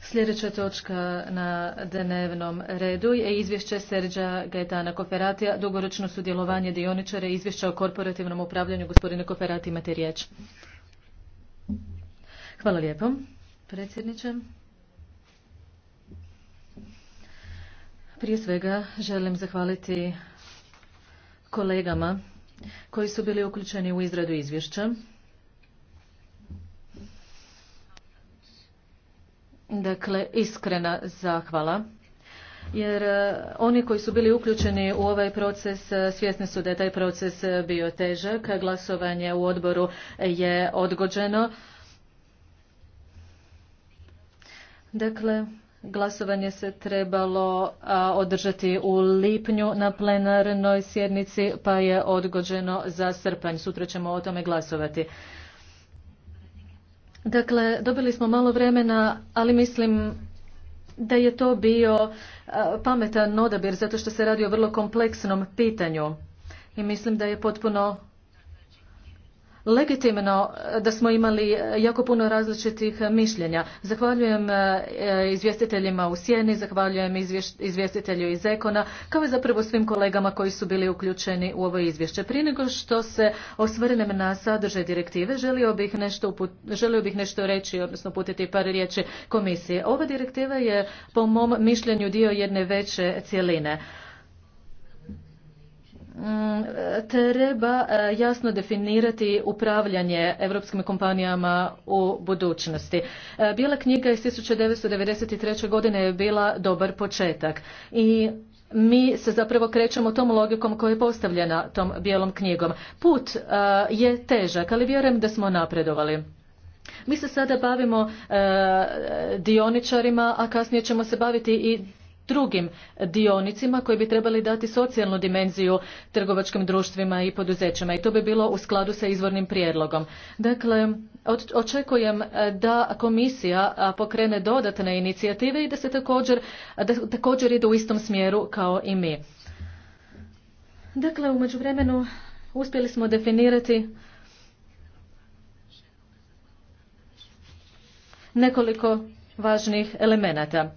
Sljedeća točka na dnevnom redu je izvješće Serđa Gaetana Koferatija, dugoročno sudjelovanje dioničara i izvješća o korporativnom upravljanju. Gospodine Koferati, imate riječ. Hvala lijepo, predsjedniče. Prije svega želim zahvaliti kolegama koji su bili uključeni u izradu izvješća. Dakle, iskrena zahvala. Jer e, oni koji su bili uključeni u ovaj proces e, svjesni su da je taj proces e, bio težak. Glasovanje u odboru je odgođeno. Dakle, glasovanje se trebalo održati u lipnju na plenarnoj sjednici pa je odgođeno za srpanj. Sutra ćemo o tome glasovati. Dakle, dobili smo malo vremena, ali mislim da je to bio e, pametan odabir zato što se radi o vrlo kompleksnom pitanju i mislim da je potpuno legitimno eh, da smo imali eh, jako puno različitih eh, mišljenja. Zahvaljujem izvjestiteljima u Sjeni, zahvaljujem izvjestitelju iz Ekona, kao i zapravo svim kolegama koji su bili uključeni u ovo izvješće. Prije nego što se osvrnem na sadržaj direktive, želio bih nešto, uput, želio bih nešto reći, odnosno putiti par riječi komisije. Ova direktiva je po mom mišljenju dio jedne veće cjeline. Mm, treba e, jasno definirati upravljanje europskim kompanijama u budućnosti. E, Bijela knjiga iz 1993. godine je bila dobar početak i mi se zapravo krećemo tom logikom koja je postavljena tom bijelom knjigom. Put e, je težak, ali vjerujem da smo napredovali. Mi se sada bavimo dioničarima, a kasnije ćemo se baviti i drugim dionicima koji bi trebali dati socijalnu dimenziju trgovačkim društvima i poduzećima i to bi bilo u skladu sa izvornim prijedlogom. Dakle, očekujem e, da komisija pokrene dodatne inicijative i da se također, da također ide u istom smjeru kao i mi. Dakle, u međuvremenu uspjeli smo definirati nekoliko važnih elemenata.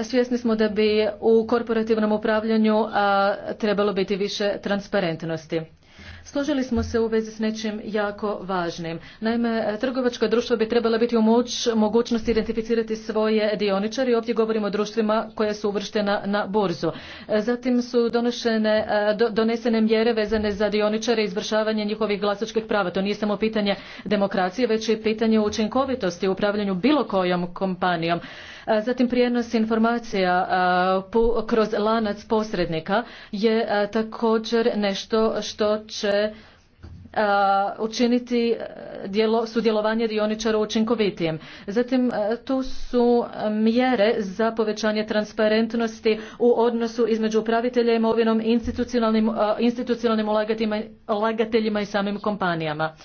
Svjesni smo da bi u korporativnom upravljanju a, trebalo biti više transparentnosti. Složili smo se u vezi s nečim jako važnim. Naime, trgovačka društva bi trebala biti u moć, mogućnosti identificirati svoje dioničari. Ovdje govorimo o društvima koja su uvrštena na burzu. E, zatim su donošene, e, donesene mjere vezane za dioničare i izvršavanje njihovih glasačkih prava. To nije samo pitanje demokracije, već i pitanje učinkovitosti u upravljanju bilo kojom kompanijom. Zatim prijenos informacija kroz lanac posrednika je također nešto što će učiniti sudjelovanje dioničara učinkovitijem. Zatim tu su mjere za povećanje transparentnosti u odnosu između upravitelja imovinom, institucionalnim, institucionalnim ulagateljima i samim kompanijama.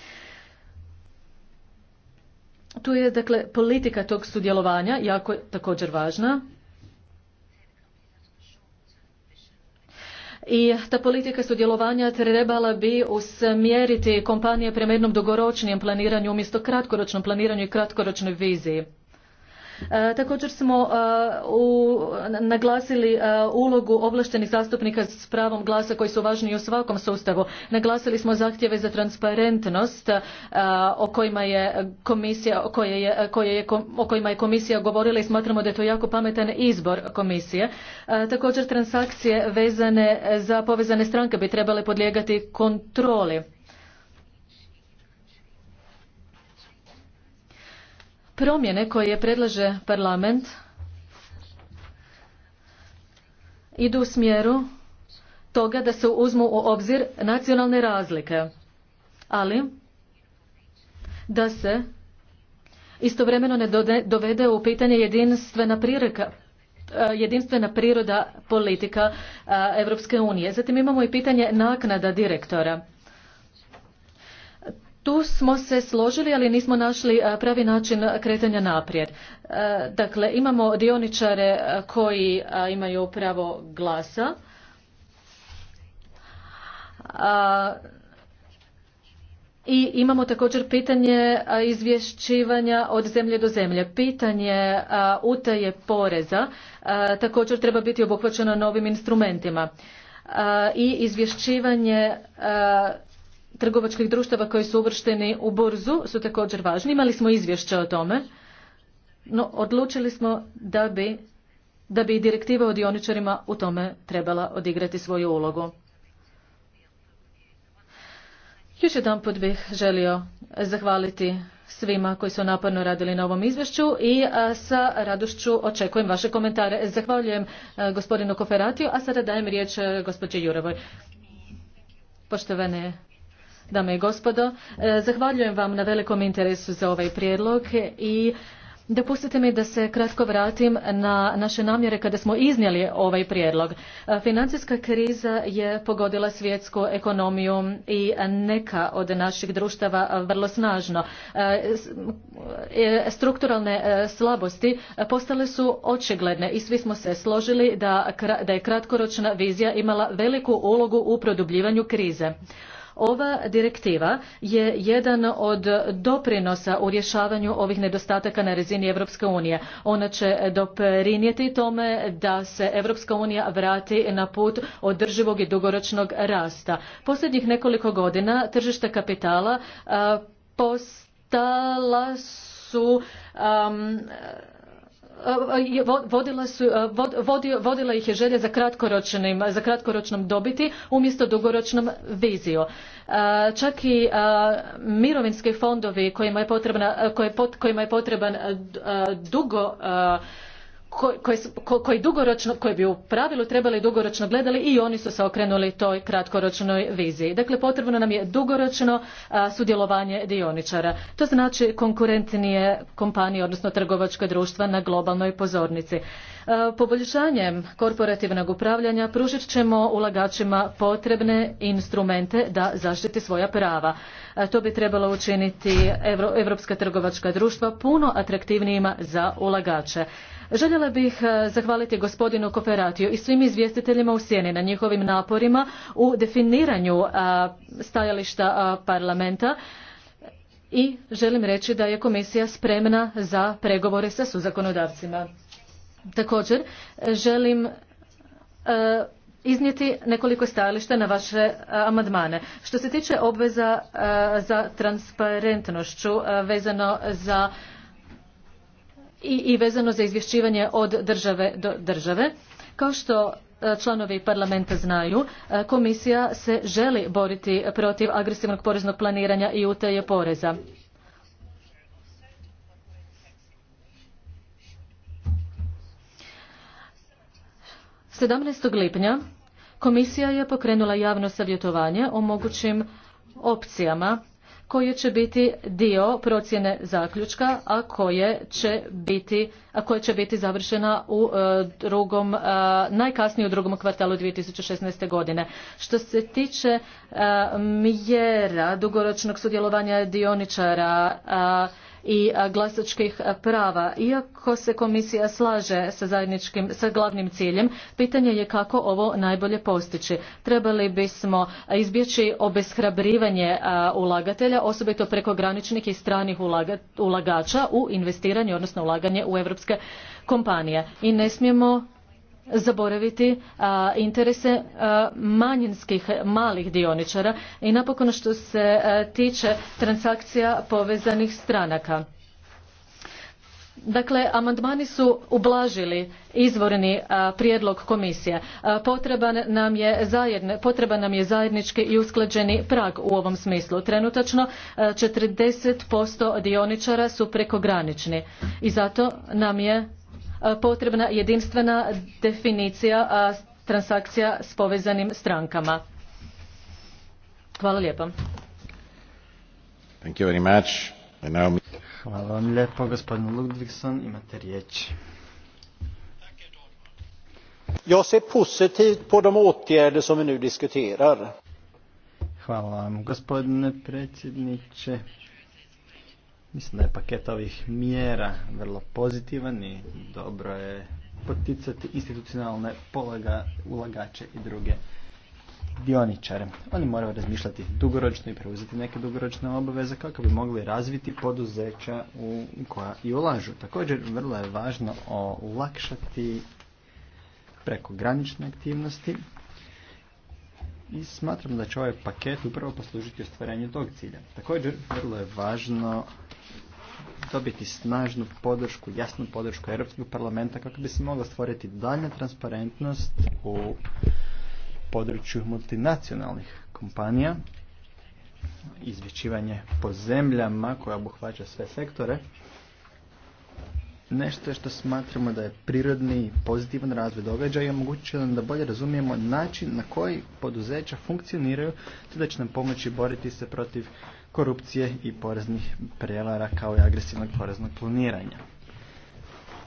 Tu je dakle politika tog sudjelovanja jako također važna. I ta politika sudjelovanja trebala bi usmjeriti kompanije prema jednom dugoročnijem planiranju umjesto kratkoročnom planiranju i kratkoročnoj viziji. E, također smo e, naglasili e, ulogu ovlaštenih zastupnika s pravom glasa koji su važni u svakom sustavu. Naglasili smo zahtjeve za transparentnost o kojima je komisija, je, je, o kojima je komisija govorila i smatramo da je to jako pametan izbor komisije. Također transakcije vezane za povezane stranke bi trebale podlijegati kontroli. Promjene koje predlaže parlament idu u smjeru toga da se uzmu u obzir nacionalne razlike, ali da se istovremeno ne dovede u pitanje jedinstvena eh, jedinstvena priroda politika Europske eh, unije. Zatim imamo i pitanje naknada direktora tu smo se složili, ali nismo našli e, pravi način kretanja naprijed. E, dakle, imamo dioničare e, koji imaju pravo glasa. I imamo također pitanje izvješćivanja od zemlje do zemlje. Pitanje utaje poreza također treba biti obuhvaćeno novim instrumentima. I izvješćivanje trgovačkih društava koji su uvršteni u burzu su također važni. Imali smo izvješće o tome, no odlučili smo da bi, da bi direktiva o dioničarima u tome trebala odigrati svoju ulogu. Još jedan put bih želio zahvaliti svima koji su naporno radili na ovom izvješću i sa radošću očekujem vaše komentare. Zahvaljujem gospodinu Koferatiju, a sada dajem riječ gospođi Jurovoj. Poštovane dame i gospodo. E, zahvaljujem vam na velikom interesu za ovaj prijedlog i Dopustite mi da se kratko vratim na naše namjere kada smo iznijeli ovaj prijedlog. E, financijska kriza je pogodila svjetsku ekonomiju i neka od naših društava vrlo snažno. E, strukturalne slabosti postale su očigledne i svi smo se složili da je kratkoročna vizija imala veliku ulogu u produbljivanju krize. Ova direktiva je jedan od doprinosa u rješavanju ovih nedostataka na razini Europske unije. Ona će doprinijeti tome da se Europska unija vrati na put održivog i dugoročnog rasta. Posljednjih nekoliko godina tržište kapitala postala su E, vodila, ih je želja za, za kratkoročnom dobiti umjesto dugoročnom vizijom. E, čak i e, mirovinski fondovi kojima je, potrebna, kojima je potreban dugo koji, dugoročno bi u pravilu trebali dugoročno gledali i oni su se okrenuli toj kratkoročnoj viziji. Dakle, potrebno nam je dugoročno sudjelovanje dioničara. To znači konkurentnije kompanije, odnosno trgovačka društva na globalnoj pozornici. poboljšanjem korporativnog upravljanja pružit ćemo ulagačima potrebne instrumente da zaštiti svoja prava. to bi trebalo učiniti Europska trgovačka društva puno atraktivnijima za ulagače. Željela bih e, zahvaliti gospodinu Koferatiju i svim izvjestiteljima u sjeni na njihovim naporima u definiranju e, stajališta e, parlamenta i želim reći da je komisija spremna za pregovore sa suzakonodavcima. Također želim iznijeti nekoliko stajališta na vaše amandmane. Što se tiče obveza za transparentnošću vezano za i vezano za izvješćivanje od države do države. Kao što e, članovi parlamenta znaju, e, komisija se želi boriti protiv agresivnog poreznog planiranja i utaje poreza. sedamnaest lipnja komisija je pokrenula javno savjetovanje o mogućim opcijama koje će biti dio procjene zaključka, a koje će biti, a koje će biti završena u e, drugom, e, najkasnije u drugom kvartalu 2016. godine. Što se tiče e, mjera dugoročnog sudjelovanja dioničara, i e, glasačkih prava. Iako se komisija slaže sa zajedničkim, sa glavnim ciljem, pitanje je kako ovo najbolje postići. Trebali bismo izbjeći obeshrabrivanje e, ulagatelja, osobito prekograničnih i stranih ulagača u investiranje, odnosno ulaganje u europske kompanije. I ne smijemo zaboraviti interese manjinskih malih dioničara i napokon što se tiče transakcija povezanih stranaka. Dakle, amandmani su ublažili izvorni prijedlog komisije. Potreban nam, je nam je zajednički i usklađeni prag u ovom smislu. Trenutačno 40% dioničara su prekogranični i zato nam je potrebna jedinstvena definicija transakcija s povezanim strankama. Hvala lijepo. Thank you very much. Now... Hvala vam lijepo, gospodin Ludvigson, imate riječ. Jag ser positivt på de åtgärder som vi nu diskuterar. Hvala vam, gospodine predsjedniče. Mislim da je paket ovih mjera vrlo pozitivan i dobro je poticati institucionalne polaga, ulagače i druge dioničare. Oni moraju razmišljati dugoročno i preuzeti neke dugoročne obaveze kako bi mogli razviti poduzeća u koja i ulažu. Također vrlo je važno olakšati prekogranične aktivnosti i smatram da će ovaj paket upravo poslužiti ostvarenju tog cilja. Također vrlo je važno dobiti snažnu podršku, jasnu podršku Europskog parlamenta kako bi se mogla stvoriti dalja transparentnost u području multinacionalnih kompanija, izvećivanje po zemljama koja obuhvaća sve sektore, nešto što smatramo da je prirodni i pozitivan razvoj događaja i omogućuje nam da bolje razumijemo način na koji poduzeća funkcioniraju te da će nam pomoći boriti se protiv korupcije i poreznih prevara kao i agresivnog poreznog planiranja.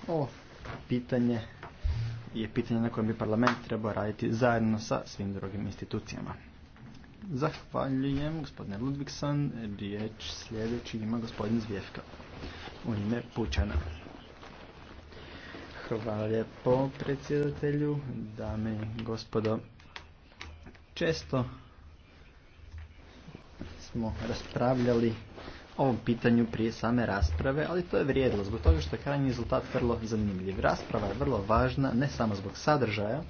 Ovo pitanje je pitanje na kojem bi parlament trebao raditi zajedno sa svim drugim institucijama. Zahvaljujem gospodine Ludvigsan, Riječ sljedeći ima gospodin Zvijevka u ime Pučana. Hvala lijepo predsjedatelju, dame i gospodo. Često smo raspravljali o ovom pitanju prije same rasprave, ali to je vrijedilo zbog toga što je krajnji rezultat vrlo zanimljiv. Rasprava je vrlo važna ne samo zbog sadržaja,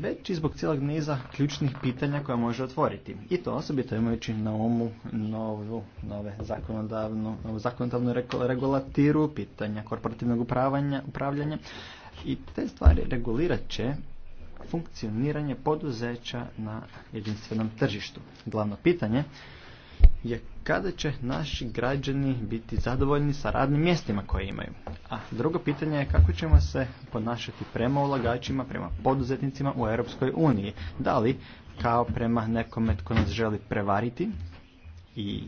već i zbog cijelog niza ključnih pitanja koja može otvoriti. I to osobito imajući na umu novu, nove zakonodavnu, novu zakonodavnu regulatiru, pitanja korporativnog upravljanja i te stvari regulirat će funkcioniranje poduzeća na jedinstvenom tržištu. Glavno pitanje je kada će naši građani biti zadovoljni sa radnim mjestima koje imaju. A drugo pitanje je kako ćemo se ponašati prema ulagačima, prema poduzetnicima u Europskoj uniji. Da li kao prema nekome tko nas želi prevariti i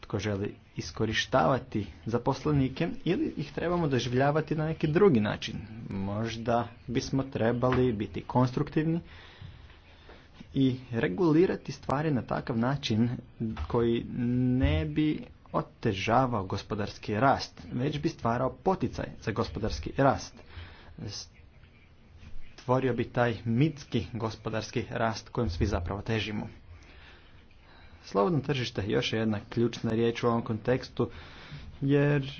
tko želi iskorištavati zaposlenike ili ih trebamo doživljavati na neki drugi način. Možda bismo trebali biti konstruktivni i regulirati stvari na takav način koji ne bi otežavao gospodarski rast, već bi stvarao poticaj za gospodarski rast. Stvorio bi taj mitski gospodarski rast kojem svi zapravo težimo. Slobodno tržište još jedna ključna riječ u ovom kontekstu jer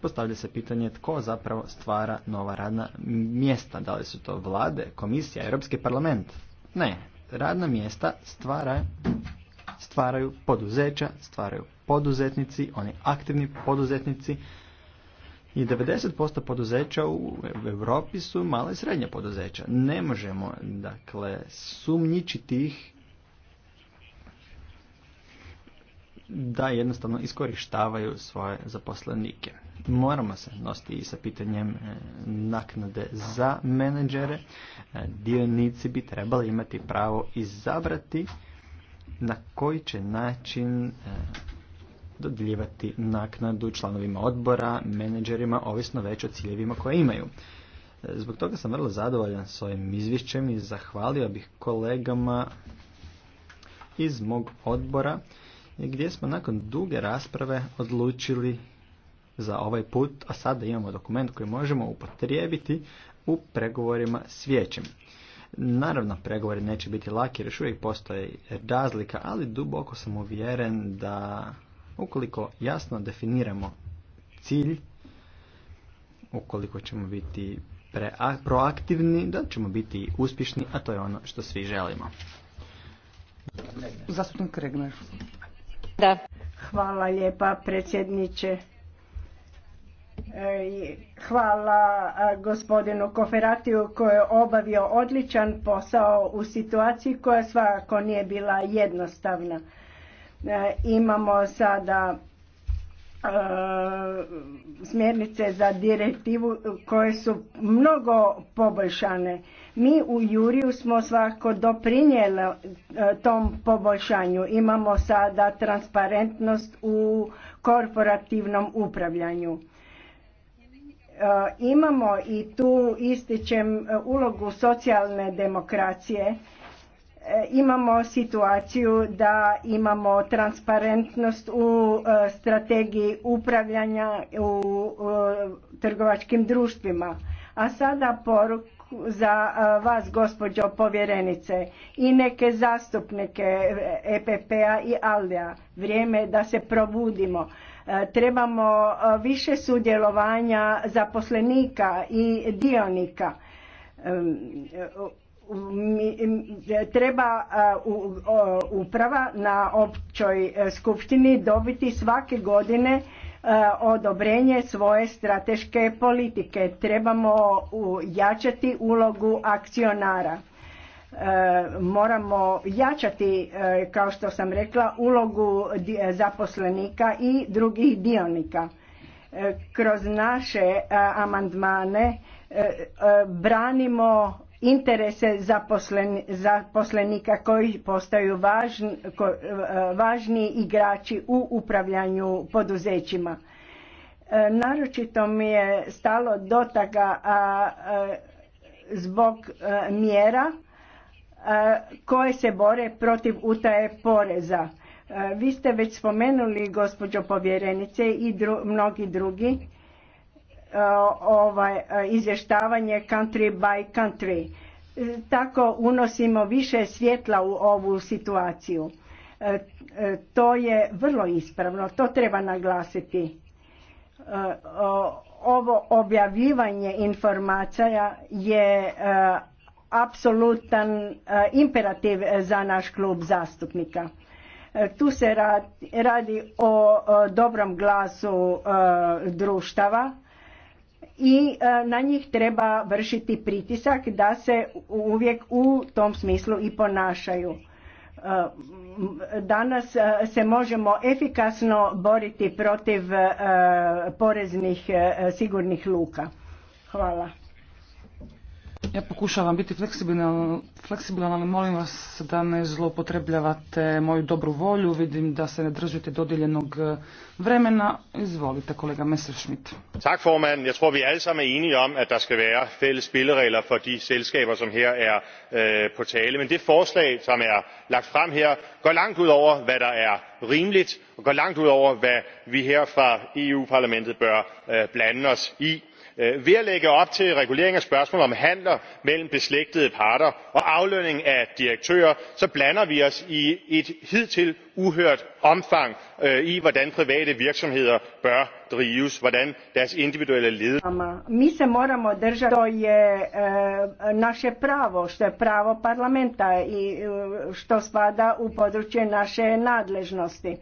postavlja se pitanje tko zapravo stvara nova radna mjesta. Da li su to vlade, komisija, Europski parlament? Ne, radna mjesta stvaraju poduzeća, stvaraju poduzetnici, oni aktivni poduzetnici i 90% poduzeća u Europi su male i srednje poduzeća. Ne možemo, dakle, sumnjičiti ih da jednostavno iskorištavaju svoje zaposlenike. Moramo se nositi i sa pitanjem e, naknade za menadžere. E, dionici bi trebali imati pravo izabrati na koji će način e, dodjeljivati naknadu članovima odbora, menadžerima, ovisno već o ciljevima koje imaju. Zbog toga sam vrlo zadovoljan s ovim izvješćem i zahvalio bih kolegama iz mog odbora gdje smo nakon duge rasprave odlučili za ovaj put, a sada imamo dokument koji možemo upotrijebiti u pregovorima s vijećem. Naravno, pregovori neće biti laki jer još uvijek postoje razlika, ali duboko sam uvjeren da ukoliko jasno definiramo cilj, ukoliko ćemo biti proaktivni, da ćemo biti uspješni, a to je ono što svi želimo. Zastupnik da. Hvala lijepa predsjedniče. E, hvala gospodinu Koferatiju koji je obavio odličan posao u situaciji koja svakako nije bila jednostavna. E, imamo sada e, smjernice za direktivu koje su mnogo poboljšane mi u Juriju smo svako doprinijeli e, tom poboljšanju. Imamo sada transparentnost u korporativnom upravljanju. E, imamo i tu ističem e, ulogu socijalne demokracije. Imamo situaciju da imamo transparentnost u strategiji upravljanja u trgovačkim društvima. A sada poruk za vas gospođo povjerenice i neke zastupnike EPP-a i ALDE-a. Vrijeme je da se probudimo. Trebamo više sudjelovanja zaposlenika i dionika. Treba uprava na općoj e, skupštini dobiti svake godine E, odobrenje svoje strateške politike. Trebamo jačati ulogu akcionara. E, moramo jačati, e, kao što sam rekla, ulogu zaposlenika i drugih dionika. Kroz naše amandmane branimo interese zaposlenika koji postaju važn, eh, važni igrači u upravljanju poduzećima. Eh, naročito mi je stalo do toga eh, zbog mjera koje se bore protiv utaje poreza. vi ste već spomenuli gospođo povjerenice i mnogi drugi E, ovaj e, izvještavanje country by country. E, tako unosimo više svjetla u ovu situaciju. To je vrlo ispravno, to treba naglasiti. Ovo objavljivanje informacija je apsolutan imperativ za naš klub zastupnika. Tu se radi o dobrom glasu društava i e, na njih treba vršiti pritisak da se uvijek u tom smislu i ponašaju. E, danas e, se možemo efikasno boriti protiv poreznih sigurnih luka. Hvala. Ja pokušavam biti fleksibilan, ali molim vas da ne zlopotrebljavate moju dobru volju. Vidim da se ne držite dodijeljenog e, vremena. Izvolite, kolega Messerschmidt. Tak, formand. Ja tror, vi alle sammen er enige om, at der skal være fælles spilleregler for de selskaber, som her er øh, på tale. Men det forslag, som er lagt frem her, går langt ud over, hvad der er rimeligt, og går langt ud over, hvad vi her fra EU-parlamentet bør øh, blande os i Øh, ved at lægge op til regulering af spørgsmål om handler mellem beslægtede parter og aflønning af direktører blander vi os i et hidtil uhørt omfang øh, i hvordan private virksomheder bør drives hvordan deres individuelle ledelse. moramo držati to je eh, naše pravo što je pravo parlamenta i eh, što spada u područje naše nadležnosti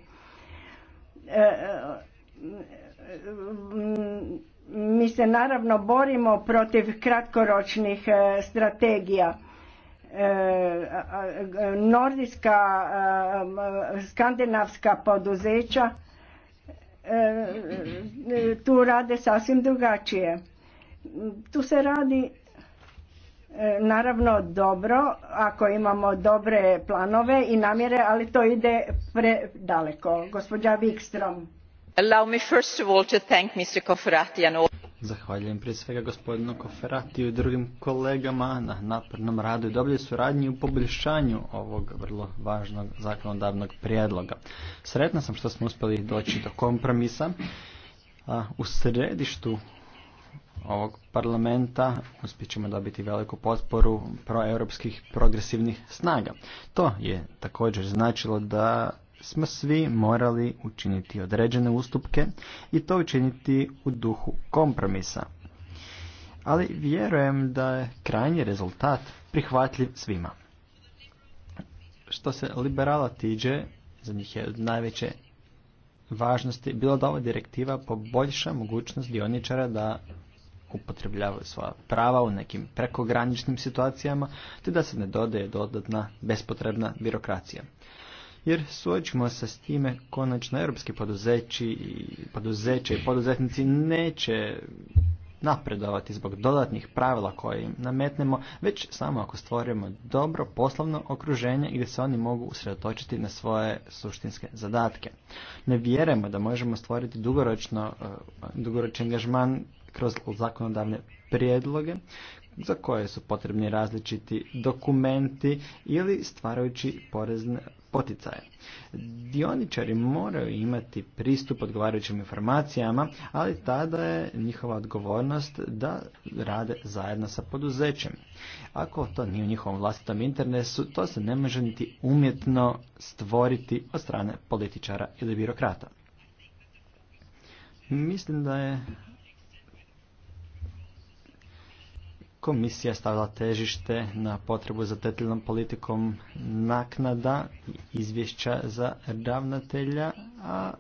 eh, mi se naravno borimo protiv kratkoročnih e, strategija. E, nordijska, e, skandinavska poduzeća tu rade sasvim drugačije. Tu se radi naravno dobro ako imamo dobre planove i namjere, ali to ide predaleko. Gospođa Wikstrom. Zahvaljujem prije svega gospodinu Koferatiju i drugim kolegama na naprednom radu i dobroj suradnji u poboljšanju ovog vrlo važnog zakonodavnog prijedloga. Sretna sam što smo uspjeli doći do kompromisa. A u središtu ovog parlamenta uspjet ćemo dobiti veliku potporu proeuropskih progresivnih snaga. To je također značilo da smo svi morali učiniti određene ustupke i to učiniti u duhu kompromisa. Ali vjerujem da je krajnji rezultat prihvatljiv svima. Što se liberala tiđe, za njih je od najveće važnosti bilo da ova direktiva poboljša mogućnost dioničara da upotrebljavaju svoja prava u nekim prekograničnim situacijama, te da se ne dodaje dodatna bespotrebna birokracija jer suočimo se s time konačno europski poduzeći i poduzeće i poduzetnici neće napredovati zbog dodatnih pravila koje im nametnemo, već samo ako stvorimo dobro poslovno okruženje gdje se oni mogu usredotočiti na svoje suštinske zadatke. Ne vjerujemo da možemo stvoriti dugoročno, eh, dugoročni angažman kroz zakonodavne prijedloge za koje su potrebni različiti dokumenti ili stvarajući porezne poticaje. Dioničari moraju imati pristup odgovarajućim informacijama, ali tada je njihova odgovornost da rade zajedno sa poduzećem. Ako to nije u njihovom vlastitom interesu, to se ne može niti umjetno stvoriti od strane političara ili birokrata. Mislim da je komisija stavila težište na potrebu za detaljnom politikom naknada i izvješća za ravnatelja, a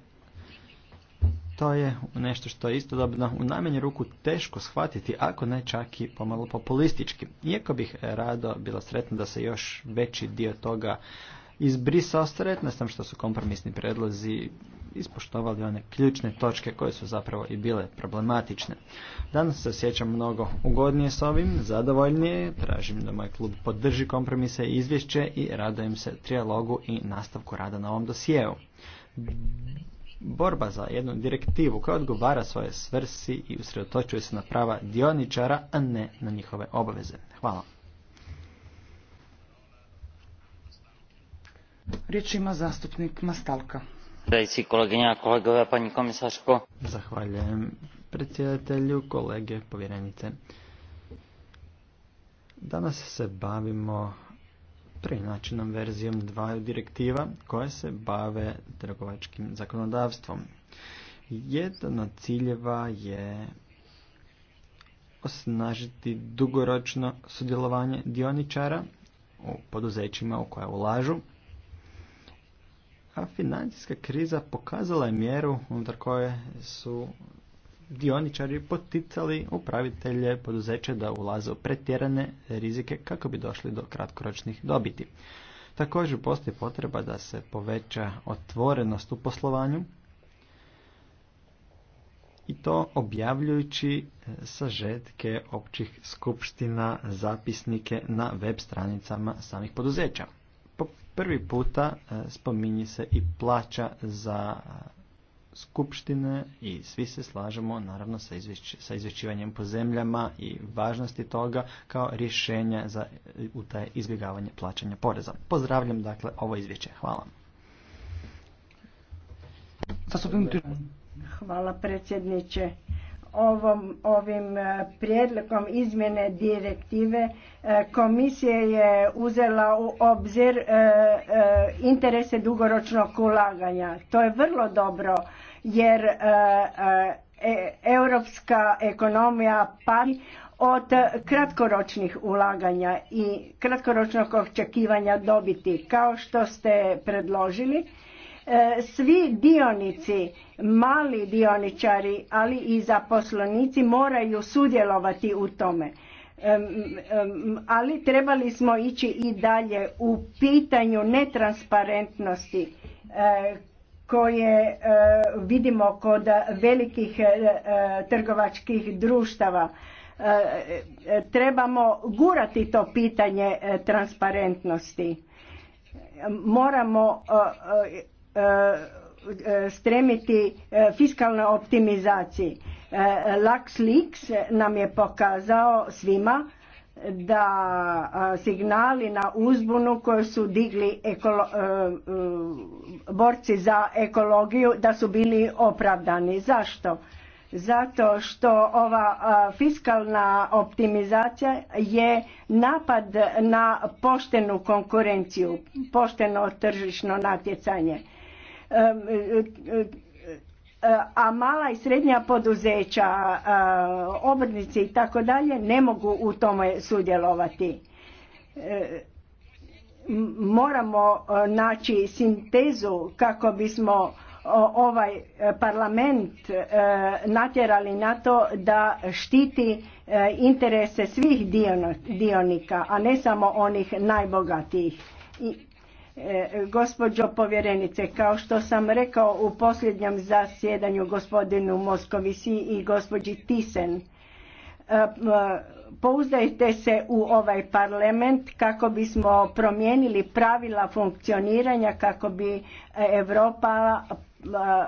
to je nešto što je istodobno u najmanju ruku teško shvatiti, ako ne čak i pomalo populistički. Iako bih rado bila sretna da se još veći dio toga izbrisao, ne znam što su kompromisni predlozi ispoštovali one ključne točke koje su zapravo i bile problematične. Danas se osjećam mnogo ugodnije s ovim, zadovoljnije, tražim da moj klub podrži kompromise i izvješće i radojem se trijalogu i nastavku rada na ovom dosijeu. Borba za jednu direktivu koja odgovara svoje svrsi i usredotočuje se na prava dioničara, a ne na njihove obaveze. Hvala. Riječ ima zastupnik Mastalka. Zahvaljujem predsjedatelju, kolege, povjerenice. Danas se bavimo preinačenom verzijom dva direktiva koje se bave trgovačkim zakonodavstvom. Jedan od ciljeva je osnažiti dugoročno sudjelovanje dioničara u poduzećima u koja ulažu a financijska kriza pokazala je mjeru unutar koje su dioničari poticali upravitelje poduzeća da ulaze u pretjerane rizike kako bi došli do kratkoročnih dobiti. Također postoji potreba da se poveća otvorenost u poslovanju i to objavljujući sažetke općih skupština zapisnike na web stranicama samih poduzeća prvi puta e, spominje se i plaća za skupštine i svi se slažemo naravno sa, izvješć, sa izvješćivanjem po zemljama i važnosti toga kao rješenja za taj izbjegavanje plaćanja poreza. Pozdravljam dakle ovo izvješće. Hvala. Hvala predsjedniče ovom, ovim e, prijedlogom izmjene direktive e, komisija je uzela u obzir e, interese dugoročnog ulaganja. To je vrlo dobro jer europska ekonomija pati od kratkoročnih ulaganja i kratkoročnog očekivanja dobiti kao što ste predložili E, svi dionici, mali dioničari, ali i zaposlenici moraju sudjelovati u tome. Ali trebali smo ići i dalje u pitanju netransparentnosti e, koje e, vidimo kod velikih trgovačkih društava. Trebamo gurati to pitanje transparentnosti. Moramo Eh, stremiti eh, fiskalnoj optimizaciji. Eh, LuxLeaks nam je pokazao svima da signali na uzbunu koje su digli borci za ekologiju da su bili opravdani. Zašto? Zato što ova fiskalna optimizacija je napad na poštenu konkurenciju, pošteno tržišno natjecanje E, e, e, a mala i srednja poduzeća, obrtnici i tako dalje ne mogu u tome sudjelovati. Moramo naći sintezu kako bismo ovaj parlament natjerali na to da štiti interese svih dionika, a ne samo onih najbogatijih. E, gospođo povjerenice, kao što sam rekao u posljednjem zasjedanju gospodinu Moskovici i gospođi Tisen, e, pouzdajte se u ovaj parlament kako bismo promijenili pravila funkcioniranja, kako bi Europa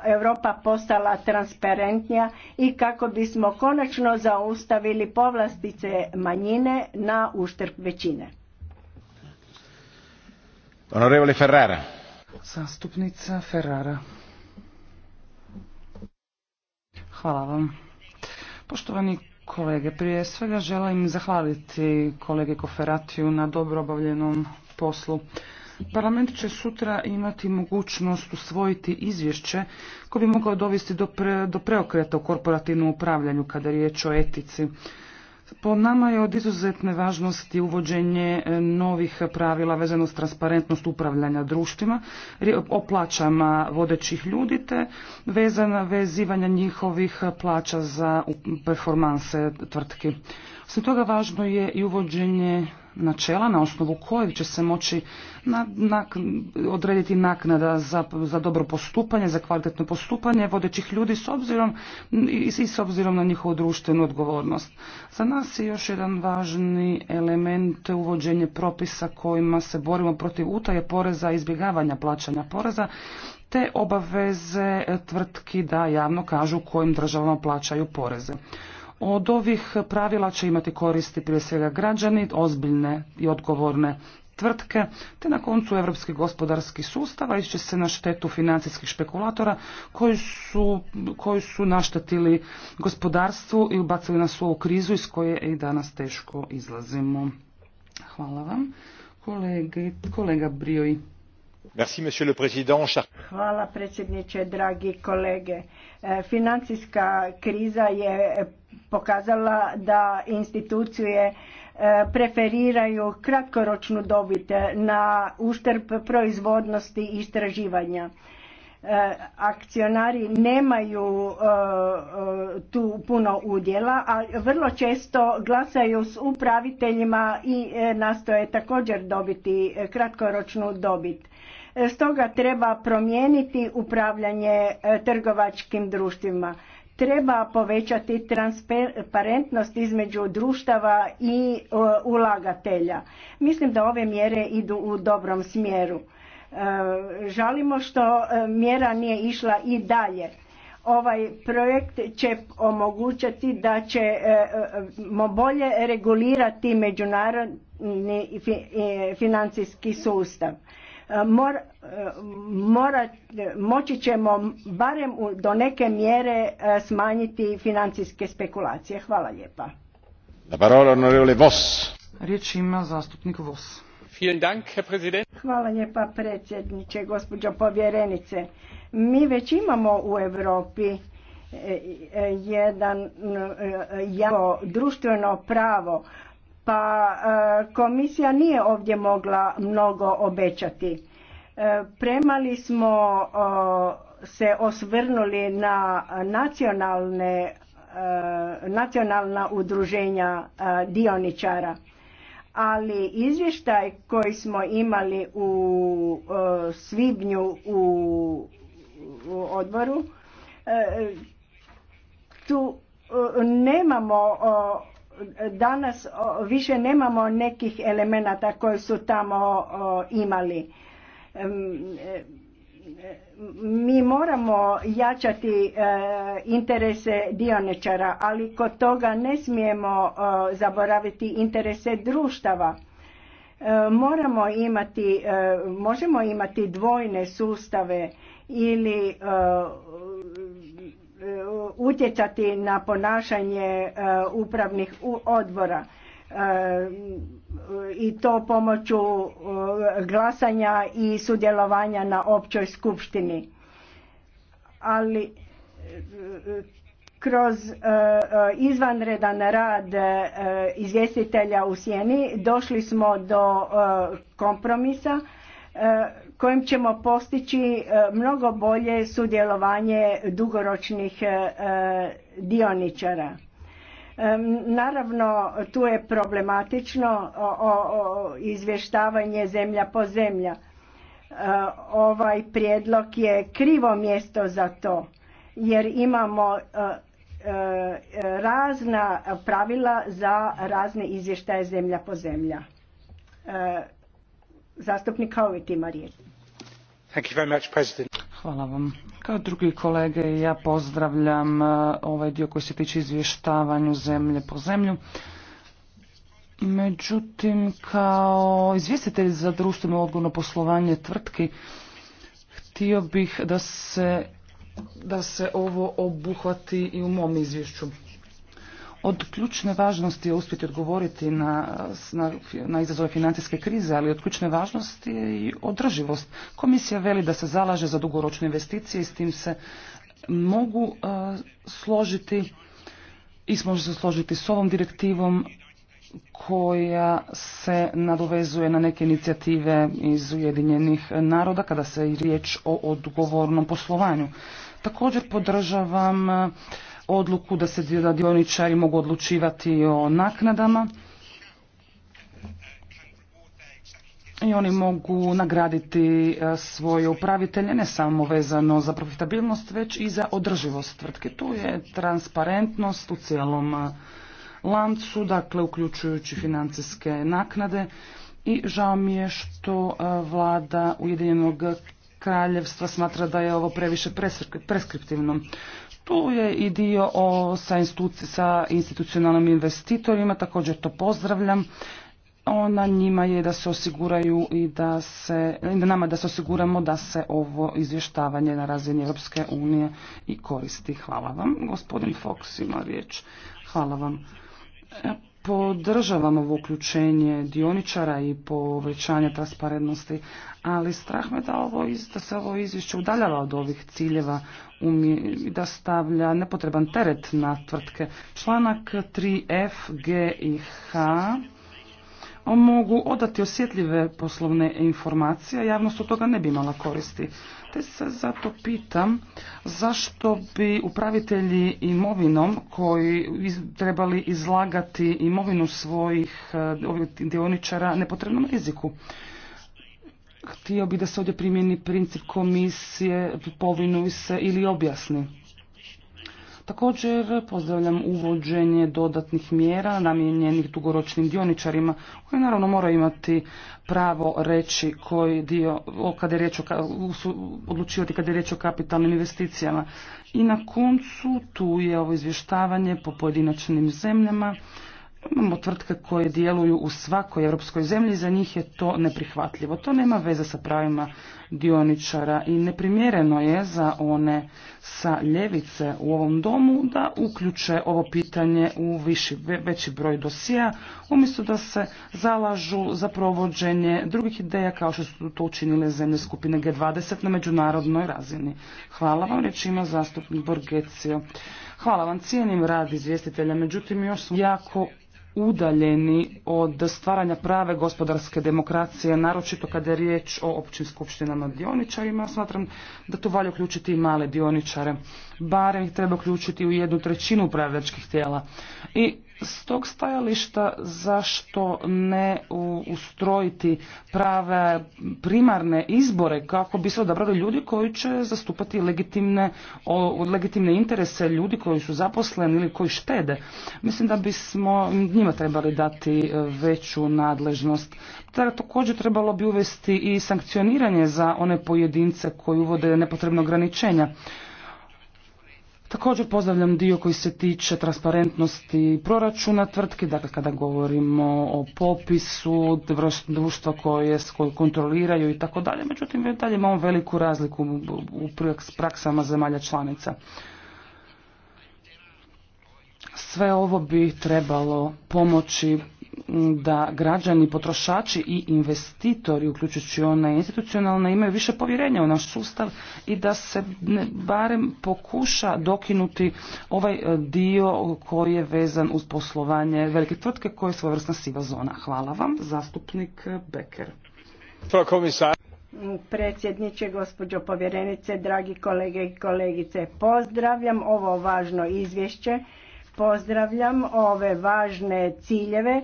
Europa postala transparentnija i kako bismo konačno zaustavili povlastice manjine na uštrb većine. Onorevole Ferrara. Zastupnica Ferrara. Hvala vam. Poštovani kolege, prije svega želim zahvaliti kolege Koferatiju na dobro obavljenom poslu. Parlament će sutra imati mogućnost usvojiti izvješće koje bi moglo dovesti do, do preokreta u korporativnom upravljanju kada je riječ o etici. Po nama je od izuzetne važnosti uvođenje e, novih pravila vezano s transparentnost upravljanja društvima, o plaćama vodećih ljudi te vezana vezivanja njihovih plaća za performanse tvrtke. Osim toga važno je i uvođenje načela na osnovu kojeg će se moći odrediti naknada za, za dobro postupanje, za kvalitetno postupanje vodećih ljudi s obzirom i, s obzirom na njihovu društvenu odgovornost. Za nas je još jedan važni element uvođenje propisa kojima se borimo protiv utaje poreza i izbjegavanja plaćanja poreza te obaveze tvrtki da javno kažu kojim državama plaćaju poreze. Od ovih pravila će imati koristi prije svega građani, ozbiljne i odgovorne tvrtke, te na koncu europski gospodarski sustav, a išće se na štetu financijskih špekulatora koji su, koji su naštetili gospodarstvu i ubacili nas u ovu krizu iz koje i danas teško izlazimo. Hvala vam. Kolege, kolega Brioj. Hvala predsjedniče, dragi kolege. E, financijska kriza je pokazala da institucije e, preferiraju kratkoročnu dobit na uštrb proizvodnosti i istraživanja. E, akcionari nemaju e, tu puno udjela, a vrlo često glasaju s upraviteljima i nastoje također dobiti kratkoročnu dobit. Stoga treba promijeniti upravljanje trgovačkim društvima Treba povećati transparentnost između društava i e, ulagatelja. Mislim da ove mjere idu u dobrom smjeru. E, žalimo što e, mjera nije išla i dalje. Ovaj projekt će omogućati da ćemo bolje regulirati međunarodni financijski sustav. Mor, mora, moći ćemo barem do neke mjere e, smanjiti financijske spekulacije. Hvala lijepa. La parola onorevole Vos. Riječ ima zastupnik Vos. Hvala lijepa predsjedniče, gospođo povjerenice. Mi već imamo u Europi e, e, jedan jako društveno pravo pa e, komisija nije ovdje mogla mnogo obećati. E, premali smo se osvrnuli na nacionalne, e, nacionalna udruženja dioničara, ali izvještaj koji smo imali u svibnju u odboru, tu nemamo danas više nemamo nekih elemenata koje su tamo imali. Mi moramo jačati e, interese dioničara, ali kod toga ne smijemo zaboraviti interese društava. E, moramo imati, e, možemo imati dvojne sustave ili E, utjecati na ponašanje e, upravnih odbora e, i to pomoću glasanja i sudjelovanja na općoj skupštini. Ali kroz izvanredan rad izvjestitelja u sjeni došli smo do kompromisa kojim ćemo postići e, mnogo bolje sudjelovanje dugoročnih e, e, dioničara. Naravno, tu je problematično izvještavanje zemlja po zemlja. Ovaj prijedlog je krivo mjesto za to, jer imamo razna pravila za razne izvještaje zemlja po zemlja. Zastupnik Hovit ima riječ. Hvala vam. Kao drugi kolege, ja pozdravljam e, ovaj dio koji se tiče izvještavanja zemlje po zemlju. Međutim, kao izvjestitelj za društveno odgovorno poslovanje tvrtki, htio bih da da se ovo obuhvati i u mom izvješću. Od ključne važnosti je uspjeti odgovoriti na, na, izazove financijske krize, ali od ključne važnosti je i održivost. Komisija veli da se zalaže za dugoročne investicije i s tim se mogu e, složiti i može se složiti s ovom direktivom koja se nadovezuje na neke inicijative iz Ujedinjenih naroda kada se i riječ o odgovornom poslovanju. Također podržavam odluku da se dioničari mogu odlučivati o naknadama i oni mogu nagraditi e, svoje upravitelje ne samo vezano za profitabilnost već i za održivost tvrtke. Tu je transparentnost u cijelom e, lancu, dakle uključujući financijske naknade i žao mi je što e, vlada Ujedinjenog kraljevstva smatra da je ovo previše preskriptivno. Tu je i dio o, sa, instituci, sa institucionalnim investitorima, također to pozdravljam. Ona njima je da se osiguraju i da se, da nama da se osiguramo da se ovo izvještavanje na razini Europske unije i koristi. Hvala vam. Gospodin Fox ima riječ. Hvala vam. E, podržavam ovo uključenje dioničara i povećanje transparentnosti, ali strah me da, ovo, da se ovo izvješće udaljava od ovih ciljeva da stavlja nepotreban teret na tvrtke. Članak 3F, G i H mogu odati osjetljive poslovne informacije, javnost od toga ne bi imala koristi. Te se zato pitam zašto bi upravitelji imovinom koji trebali izlagati imovinu svojih eh, dioničara nepotrebnom riziku. Htio bih da se ovdje primjeni princip komisije, povinuj se ili objasni. Također pozdravljam uvođenje dodatnih mjera namijenjenih dugoročnim dioničarima koji naravno moraju imati pravo reći koji dio, kada je riječ o, odlučivati kada je riječ o kapitalnim investicijama. I na koncu tu je ovo izvještavanje po pojedinačnim zemljama Imamo tvrtke koje djeluju u svakoj europskoj zemlji, za njih je to neprihvatljivo. To nema veze sa pravima dioničara i neprimjereno je za one sa ljevice u ovom domu da uključe ovo pitanje u viši, veći broj dosija, umjesto da se zalažu za provođenje drugih ideja kao što su to učinile zemlje skupine G20 na međunarodnoj razini. Hvala vam, Reći ima zastupnik Borgecio. Hvala vam, cijenim rad izvjestitelja, međutim još jako udaljeni od stvaranja prave gospodarske demokracije, naročito kada je riječ o općim skupštinama dioničarima. Smatram da tu valja uključiti i male dioničare. Barem ih treba uključiti u jednu trećinu upravljačkih tijela. I s tog stajališta zašto ne ustrojiti prave primarne izbore kako bi se odabrali ljudi koji će zastupati legitimne, legitimne interese ljudi koji su zaposleni ili koji štede. Mislim da bismo njima trebali dati e, veću nadležnost. Također trebalo bi uvesti i sankcioniranje za one pojedince koji uvode nepotrebno ograničenja. Također pozdravljam dio koji se tiče transparentnosti proračuna tvrtki, dakle kada govorimo o popisu društva koje kontroliraju i tako dalje. Međutim, dalje imamo veliku razliku u praksama zemalja članica. Sve ovo bi trebalo pomoći da građani, potrošači i investitori, uključujući one institucionalne, imaju više povjerenja u naš sustav i da se barem pokuša dokinuti ovaj e, dio koji je vezan uz poslovanje velike tvrtke koje je svojevrsna siva zona. Hvala vam, zastupnik Becker. Predsjedniče, gospođo povjerenice, dragi kolege i kolegice, pozdravljam ovo važno izvješće pozdravljam ove važne ciljeve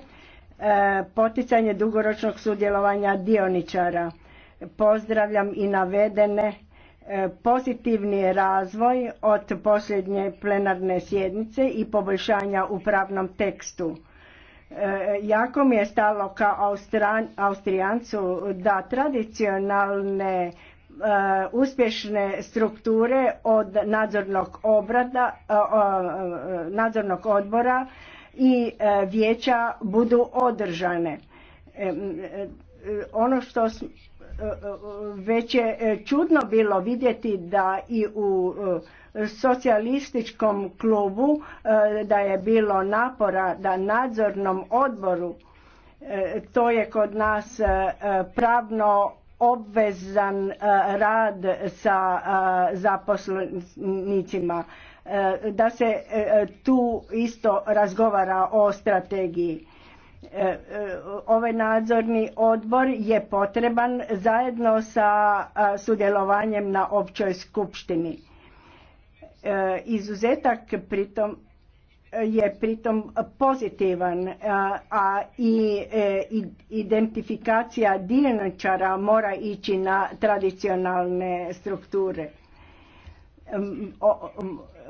E, poticanje dugoročnog sudjelovanja dioničara. Pozdravljam i navedene e, pozitivni razvoj od posljednje plenarne sjednice i poboljšanja u pravnom tekstu. E, jako mi je stalo kao Austrijancu da tradicionalne uspješne strukture od nadzornog obrada, nadzornog odbora i e, vijeća budu održane. E, e, ono što već je čudno bilo vidjeti da i u socijalističkom klubu da je bilo napora da nadzornom odboru to je kod nas pravno obvezan rad sa zaposlenicima E, da se e, e, tu isto razgovara o strategiji. Ovaj nadzorni odbor je potreban zajedno sa sudjelovanjem na općoj skupštini. Izuzetak pritom je pritom pozitivan, a i identifikacija dioničara mora ići na tradicionalne strukture.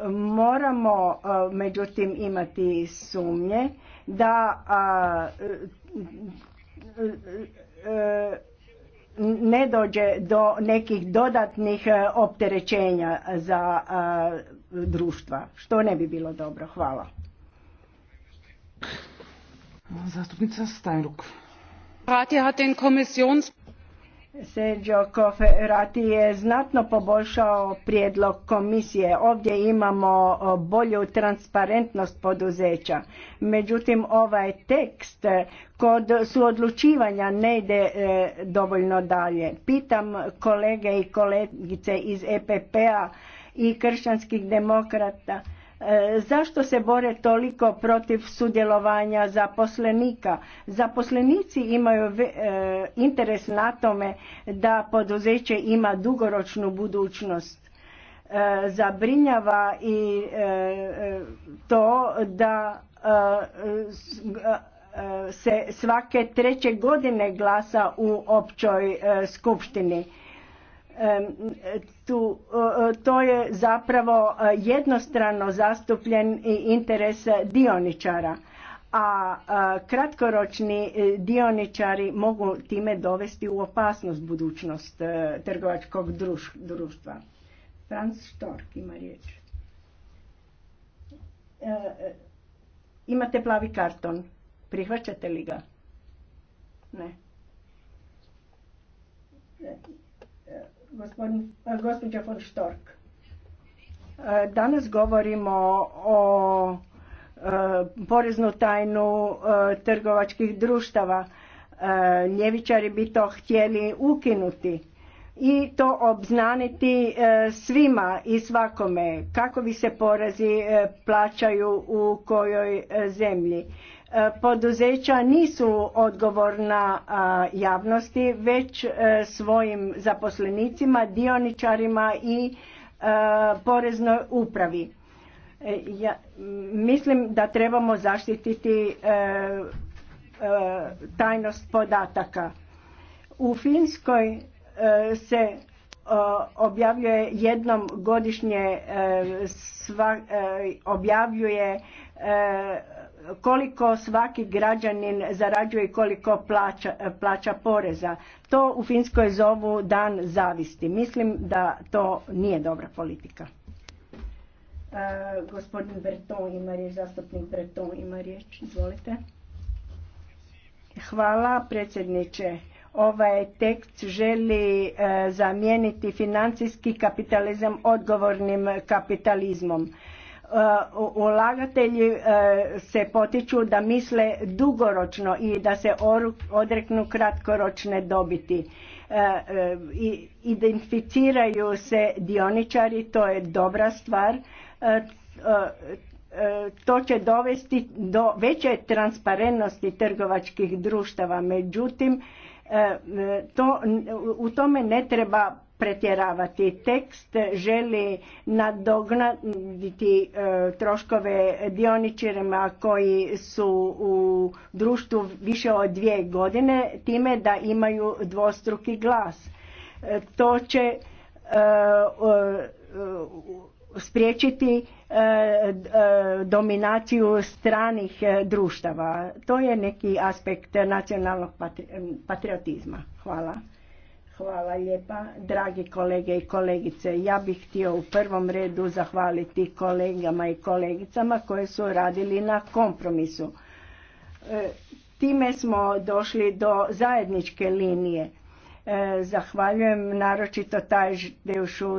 Moramo e, međutim imati sumnje da e, e, ne dođe do nekih dodatnih opterećenja za društva, što ne bi bilo dobro. Hvala. Zastupnica Steinruck. Rat hat den Sergio Cofferati je znatno poboljšao prijedlog komisije. Ovdje imamo bolju transparentnost poduzeća. Međutim, ovaj tekst e, kod suodlučivanja ne ide e, dovoljno dalje. Pitam kolege i kolegice iz EPP-a i kršćanskih demokrata E, zašto se bore toliko protiv sudjelovanja zaposlenika? Zaposlenici imaju e, interes na tome da poduzeće ima dugoročnu budućnost. E, zabrinjava i to da se svake treće godine glasa u općoj skupštini to je zapravo e, jednostrano zastupljen interes dioničara, a e, kratkoročni e, dioničari mogu time dovesti u opasnost budućnost trgovačkog društva. Franz Stork ima riječ. Imate plavi karton. Prihvaćate li ga? Ne. E, gospođa von Stork. E, danas govorimo o e, poreznu tajnu trgovačkih društava. Ljevičari bi to htjeli ukinuti i to obznaniti svima i svakome kako bi se porezi plaćaju u kojoj zemlji. E, poduzeća nisu odgovorna javnosti, već e, svojim zaposlenicima, dioničarima i e, poreznoj upravi. mislim da trebamo zaštititi tajnost podataka. U Finskoj se objavljuje jednom godišnje objavljuje koliko svaki građanin zarađuje i koliko plaća, plaća poreza. To u Finskoj zovu dan zavisti. Mislim da to nije dobra politika. E, gospodin Breton ima riječ, zastupnik Breton ima riječ, Hvala predsjedniče. Ovaj tekst želi e, zamijeniti financijski kapitalizam odgovornim kapitalizmom ulagatelji e, se potiču da misle dugoročno i da se odreknu kratkoročne dobiti. E, e, identificiraju se dioničari, to je dobra stvar. To će dovesti do veće transparentnosti trgovačkih društava. Međutim, u tome ne treba pretjeravati. Tekst želi nadognaditi e, troškove dioničarima koji su u društvu više od dvije godine time da imaju dvostruki glas. E, to će e, spriječiti dominaciju stranih društava. To je neki aspekt nacionalnog patriotizma. Hvala. Hvala lijepa, dragi kolege i kolegice. Ja bih htio u prvom redu zahvaliti kolegama i kolegicama koje su radili na kompromisu. E, time smo došli do zajedničke linije. E, zahvaljujem naročito Tajdejušu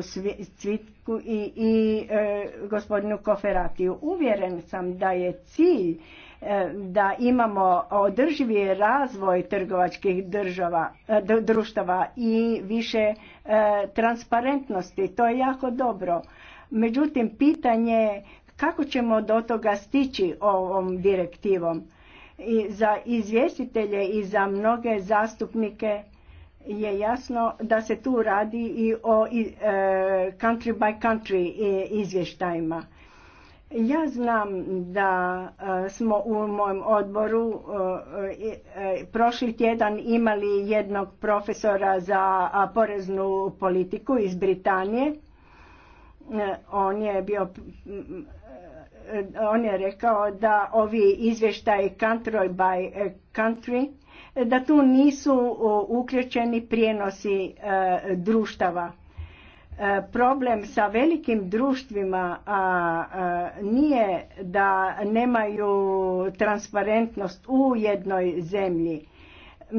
Cvitku i, i e, gospodinu Koferatiju. Uvjeren sam da je cilj E, da imamo održivi razvoj trgovačkih država, e, društava i više e, transparentnosti. To je jako dobro. Međutim, pitanje je kako ćemo do toga stići ovom direktivom. I za izvjestitelje i za mnoge zastupnike je jasno da se tu radi i o country by country izvještajima ja znam da e, smo u mojem odboru e, e, prošli tjedan imali jednog profesora za poreznu politiku iz Britanije. On je bio on je rekao da ovi izvještaji country by country da tu nisu uključeni prijenosi društava E, problem sa velikim društvima a, nije da nemaju transparentnost u jednoj zemlji e,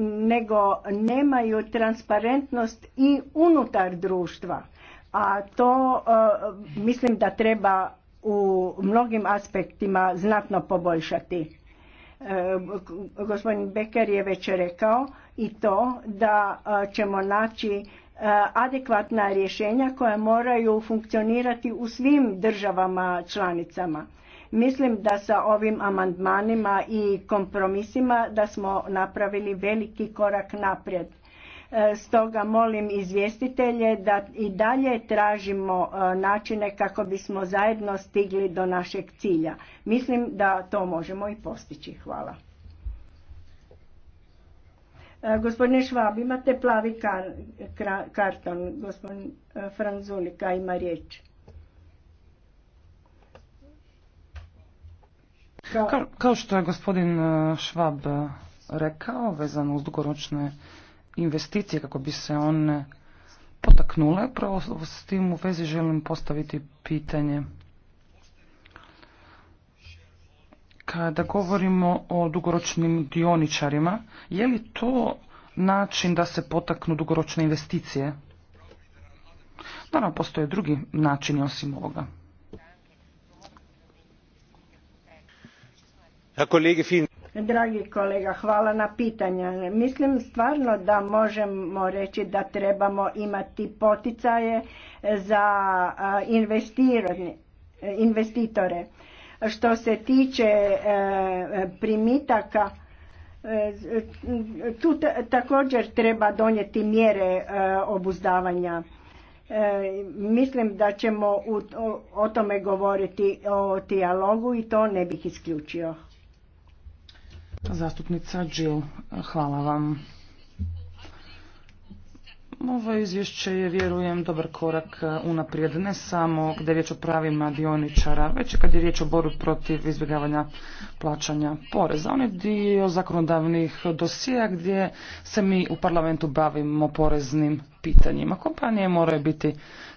nego nemaju transparentnost i unutar društva a to e, mislim da treba u mnogim aspektima znatno poboljšati gospodin Becker je već rekao i to da ćemo naći E, adekvatna rješenja koja moraju funkcionirati u svim državama članicama. Mislim da sa ovim amandmanima i kompromisima da smo napravili veliki korak naprijed. E, stoga molim izvjestitelje da i dalje tražimo e, načine kako bismo zajedno stigli do našeg cilja. Mislim da to možemo i postići. Hvala. E, gospodine Švab, imate plavi karton. Gospodin e, Franzulika ima riječ. Kao... što je gospodin e, Švab rekao, vezano uz dugoročne investicije kako bi se one potaknule, upravo s tim u vezi želim postaviti pitanje. Kada govorimo o dugoročnim dioničarima, je li to način da se potaknu dugoročne investicije? Naravno, postoje drugi načini osim ovoga. Dragi kolega, hvala na pitanja. Mislim stvarno da možemo reći da trebamo imati poticaje za investitore. Što se tiče e, primitaka, e, tu također treba donijeti mjere e, obuzdavanja. Mislim da ćemo o tome govoriti o dijalogu i to ne bih isključio. Zastupnica Jill, hvala vam. Ovo izvješće je, vjerujem, dobar korak e, unaprijed, ne samo gdje je riječ o pravima dioničara, već i kad je riječ o boru protiv izbjegavanja plaćanja poreza. On je dio zakonodavnih dosija gdje se mi u parlamentu bavimo poreznim pitanjima. Kompanije moraju biti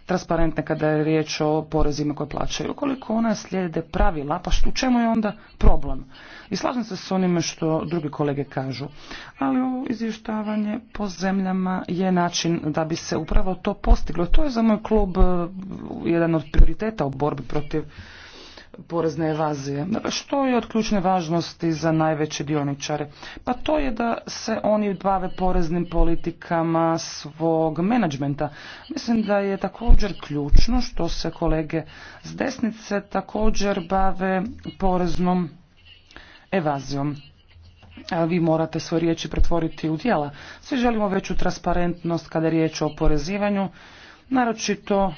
transparentne kada je riječ o porezima koje plaćaju. Ukoliko ona slijede pravila, pa u čemu je onda problem? I slažem se s onime što drugi kolege kažu. Ali ovo izvještavanje po zemljama je način da bi se upravo to postiglo. To je za moj klub eh, jedan od prioriteta u borbi protiv porezne evazije. Dakle, što je od ključne važnosti za najveće dioničare? Pa to je da se oni bave poreznim politikama svog menadžmenta. Mislim da je također ključno što se kolege s desnice također bave poreznom evazijom. vi morate svoje riječi pretvoriti u djela. Svi želimo veću transparentnost kada je riječ o oporezivanju, naročito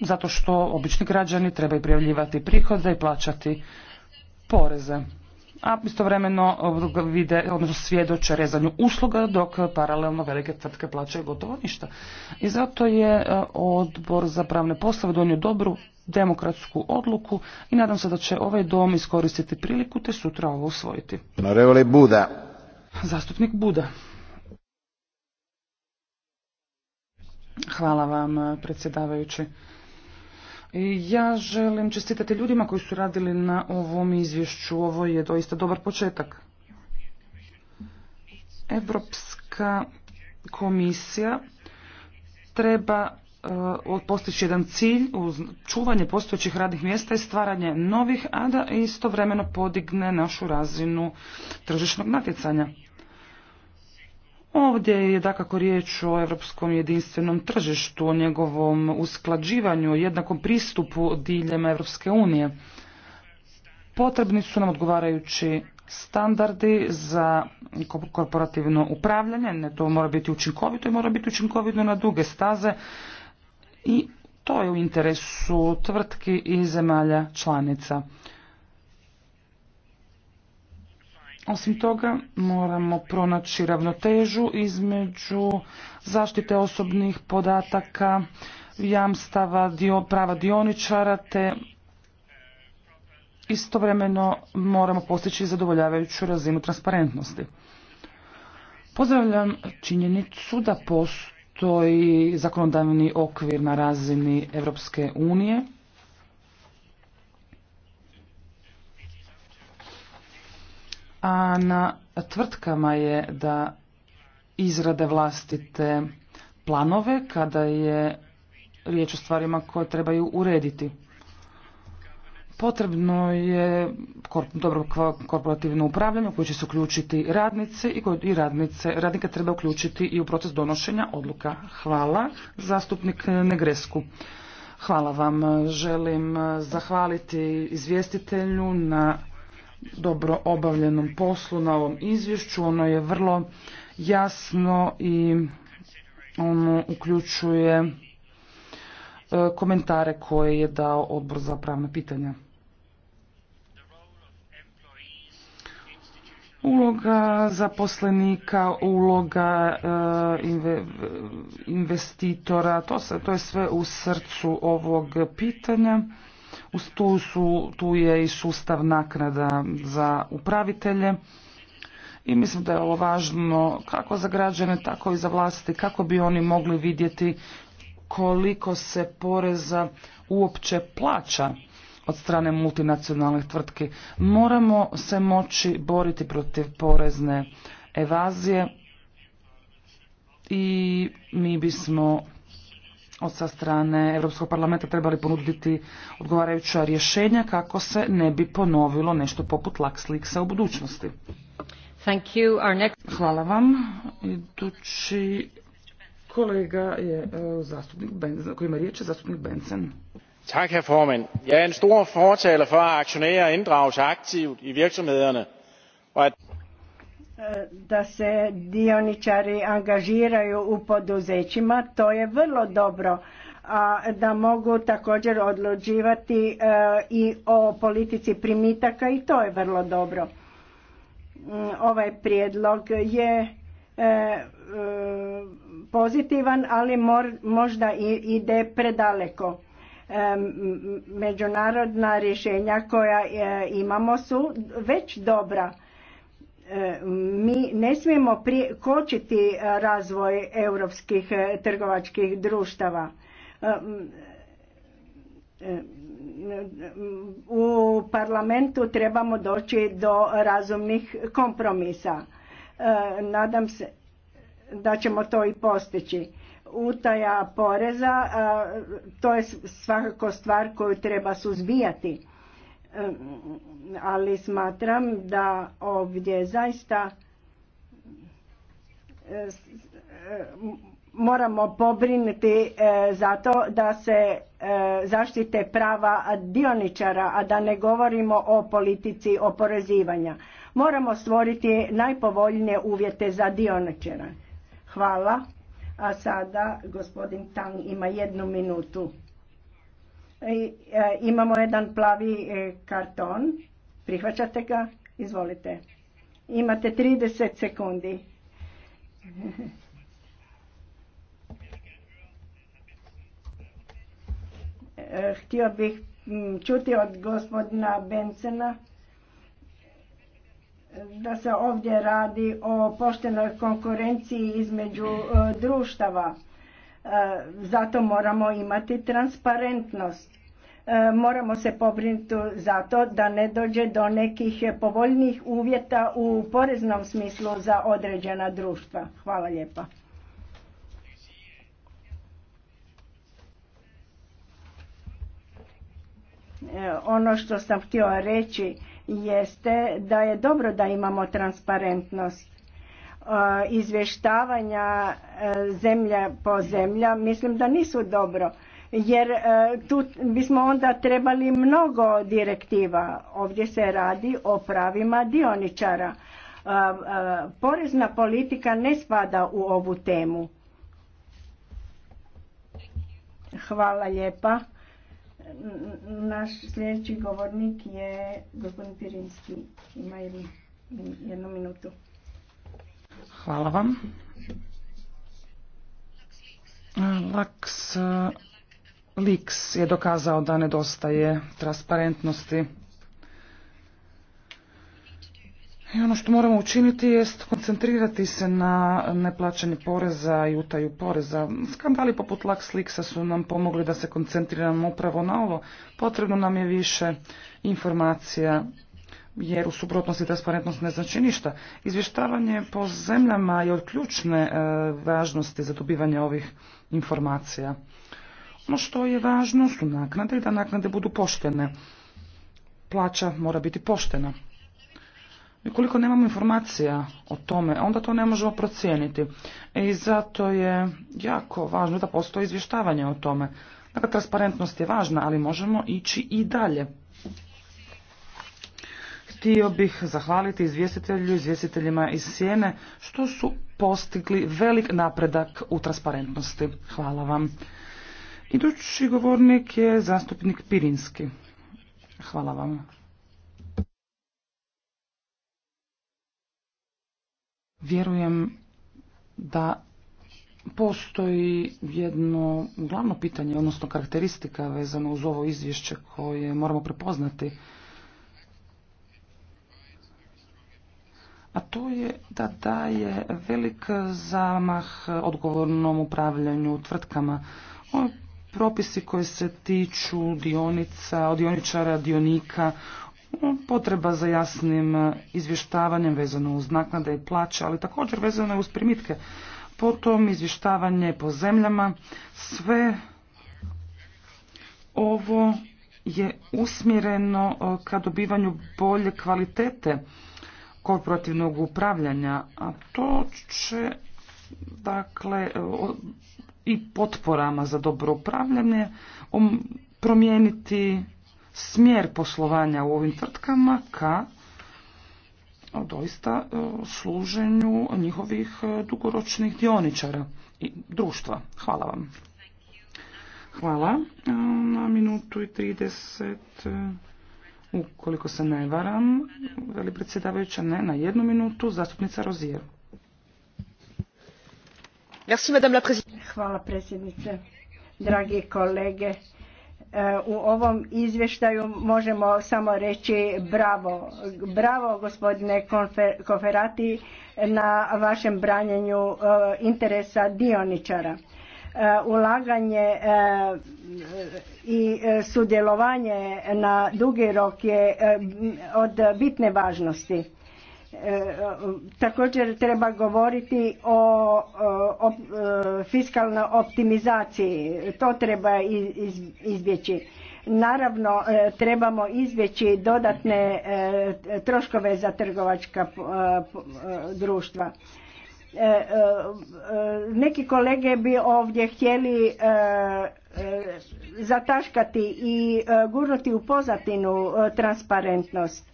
zato što obični građani trebaju prijavljivati prihode i plaćati poreze. A istovremeno eh, vide, odnosno svjedoče rezanju usluga dok paralelno velike tvrtke plaćaju gotovo ništa. I zato je eh, odbor za pravne poslove donio dobru demokratsku odluku i nadam se da će ovaj dom iskoristiti priliku te sutra ovo usvojiti. Honorevole Buda. Zastupnik Buda. Hvala vam eh, predsjedavajući. Ja želim čestitati ljudima koji su radili na ovom izvješću. Ovo je doista dobar početak. Evropska komisija treba eh, postići jedan cilj uz čuvanje postojećih radnih mjesta i stvaranje novih, a da istovremeno podigne našu razinu tržišnog natjecanja. Ovdje je dakako riječ o europskom jedinstvenom tržištu, o njegovom usklađivanju, o jednakom pristupu diljem Europske unije. Potrebni su nam odgovarajući standardi za korporativno upravljanje, ne to mora biti učinkovito i mora biti učinkovito na duge staze i to je u interesu tvrtki i zemalja članica. Osim toga, moramo pronaći ravnotežu između zaštite osobnih podataka, jamstava, dio, prava dioničara, te istovremeno moramo postići zadovoljavajuću razinu transparentnosti. Pozdravljam činjenicu da postoji zakonodavni okvir na razini Europske unije a na tvrtkama je da izrade vlastite planove kada je riječ o stvarima koje trebaju urediti. Potrebno je dobro korporativno upravljanje u koje će se uključiti radnice i radnice. Radnika treba uključiti i u proces donošenja odluka. Hvala. Zastupnik Negresku. Hvala vam. Želim zahvaliti izvjestitelju na dobro obavljenom poslu na ovom izvješću. Ono je vrlo jasno i ono uključuje e, komentare koje je dao odbor za pravna pitanja. Uloga zaposlenika, uloga e, investitora, to, se, to je sve u srcu ovog pitanja. Uz tu, su, tu je i sustav naknada za upravitelje i mislim da je ovo važno kako za građane, tako i za vlasti, kako bi oni mogli vidjeti koliko se poreza uopće plaća od strane multinacionalnih tvrtki. Moramo se moći boriti protiv porezne evazije i mi bismo od sa strane Europskog parlamenta trebali ponuditi odgovarajuća rješenja kako se ne bi ponovilo nešto poput Luxleaksa u budućnosti. Thank you. Our next... Hvala vam. Idući kolega je e, zastupnik Benzen, koji ima riječ je zastupnik Benzen. Tak, herr formand. Jeg er en stor fortaler for at aktionærer inddrages aktivt i virksomhederne. Og at da se dioničari angažiraju u poduzećima, to je vrlo dobro, a da mogu također odlučivati e, i o politici primitaka i to je vrlo dobro. Mm, ovaj prijedlog je e, e, pozitivan, ali možda ide predaleko međunarodna rješenja koja imamo su već dobra E, mi ne smijemo kočiti razvoj europskih e, trgovačkih društava. E, u parlamentu trebamo doći do razumnih kompromisa. Nadam se da ćemo to i postići. Utaja poreza, to je svakako stvar koju treba suzbijati ali smatram da ovdje zaista e, e, moramo pobrinuti e, zato da se zaštite prava dioničara, a da ne govorimo o politici oporezivanja. Moramo stvoriti najpovoljnije uvjete za dioničara. Hvala. A sada gospodin Tang ima jednu minutu. E, imamo jedan plavi e, karton. Prihvaćate ga? Izvolite. Imate 30 sekundi. E, htio bih čuti od gospodina bencena da se ovdje radi o poštenoj konkurenciji između društava. E, zato moramo imati transparentnost. E, moramo se pobrinuti zato da ne dođe do nekih povoljnih uvjeta u poreznom smislu za određena društva. Hvala lijepa. E, ono što sam htio reći jeste da je dobro da imamo transparentnost E, izvještavanja e, zemlja po zemlja mislim da nisu dobro jer e, tu bismo onda trebali mnogo direktiva. Ovdje se radi o pravima dioničara. Porezna politika ne spada u ovu temu. Hvala lijepa. Naš sljedeći govornik je gospodin Pirinski. Ima jednu minutu. Hvala vam. Laks Liks je dokazao da nedostaje transparentnosti. I ono što moramo učiniti jest koncentrirati se na neplaćanje poreza i utaju poreza. Skandali poput Laks Liksa su nam pomogli da se koncentriramo upravo na ovo. Potrebno nam je više informacija jer u suprotnosti transparentnost ne znači ništa. Izvještavanje po zemljama je od ključne e, važnosti za dobivanje ovih informacija. Ono što je važno su naknade i da naknade budu poštene. Plaća mora biti poštena. I koliko nemamo informacija o tome, onda to ne možemo procijeniti. I zato je jako važno da postoji izvještavanje o tome. Dakle, transparentnost je važna, ali možemo ići i dalje. Htio bih zahvaliti izvjestitelju izvjestiteljima iz Sjene što su postigli velik napredak u transparentnosti. Hvala vam. Idući govornik je zastupnik Pirinski. Hvala vam. Vjerujem da postoji jedno glavno pitanje, odnosno karakteristika vezano uz ovo izvješće koje moramo prepoznati. a to je da daje velik zamah odgovornom upravljanju tvrtkama. Ovo propisi koji se tiču dionica, dioničara, dionika, potreba za jasnim izvještavanjem vezano uz naknade i plaće, ali također vezano uz primitke. Potom izvještavanje po zemljama, sve ovo je usmjereno ka dobivanju bolje kvalitete korporativnog upravljanja, a to će dakle i potporama za dobro upravljanje promijeniti smjer poslovanja u ovim tvrtkama ka doista služenju njihovih e, dugoročnih dioničara i društva. Hvala vam. Hvala. E, na minutu i 30 Ukoliko se ne varam, veli predsjedavajuća ne, na jednu minutu, zastupnica Rozijer. Hvala predsjednice. Dragi kolege, e, u ovom izvještaju možemo samo reći bravo. Bravo gospodine Koferati, na vašem branjenju e, interesa dioničara Eh, ulaganje eh, i eh, sudjelovanje na dugi rok je od bitne važnosti. Također treba govoriti o fiskalnoj optimizaciji, to treba izbjeći. Naravno, trebamo izbjeći dodatne troškove za trgovačka društva E, e, e, neki kolege bi ovdje htjeli zataškati i gurnuti u pozatinu transparentnost.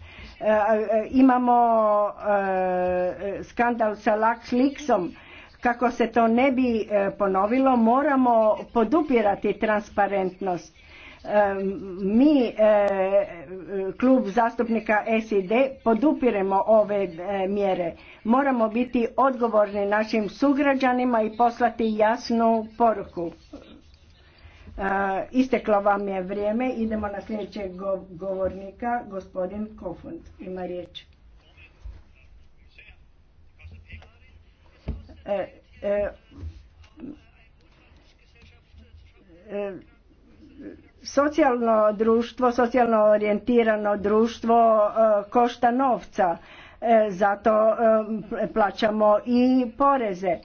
Imamo skandal sa LuxLeaksom. Kako se to ne bi ponovilo, moramo podupirati transparentnost mi, e, klub zastupnika SID, podupiremo ove e, mjere. Moramo biti odgovorni našim sugrađanima i poslati jasnu poruku. E, isteklo vam je vrijeme. Idemo na sljedećeg govornika, gospodin Kofund. Ima riječ. Socijalno društvo, socijalno orijentirano društvo e, košta novca, e, zato e, plaćamo i poreze.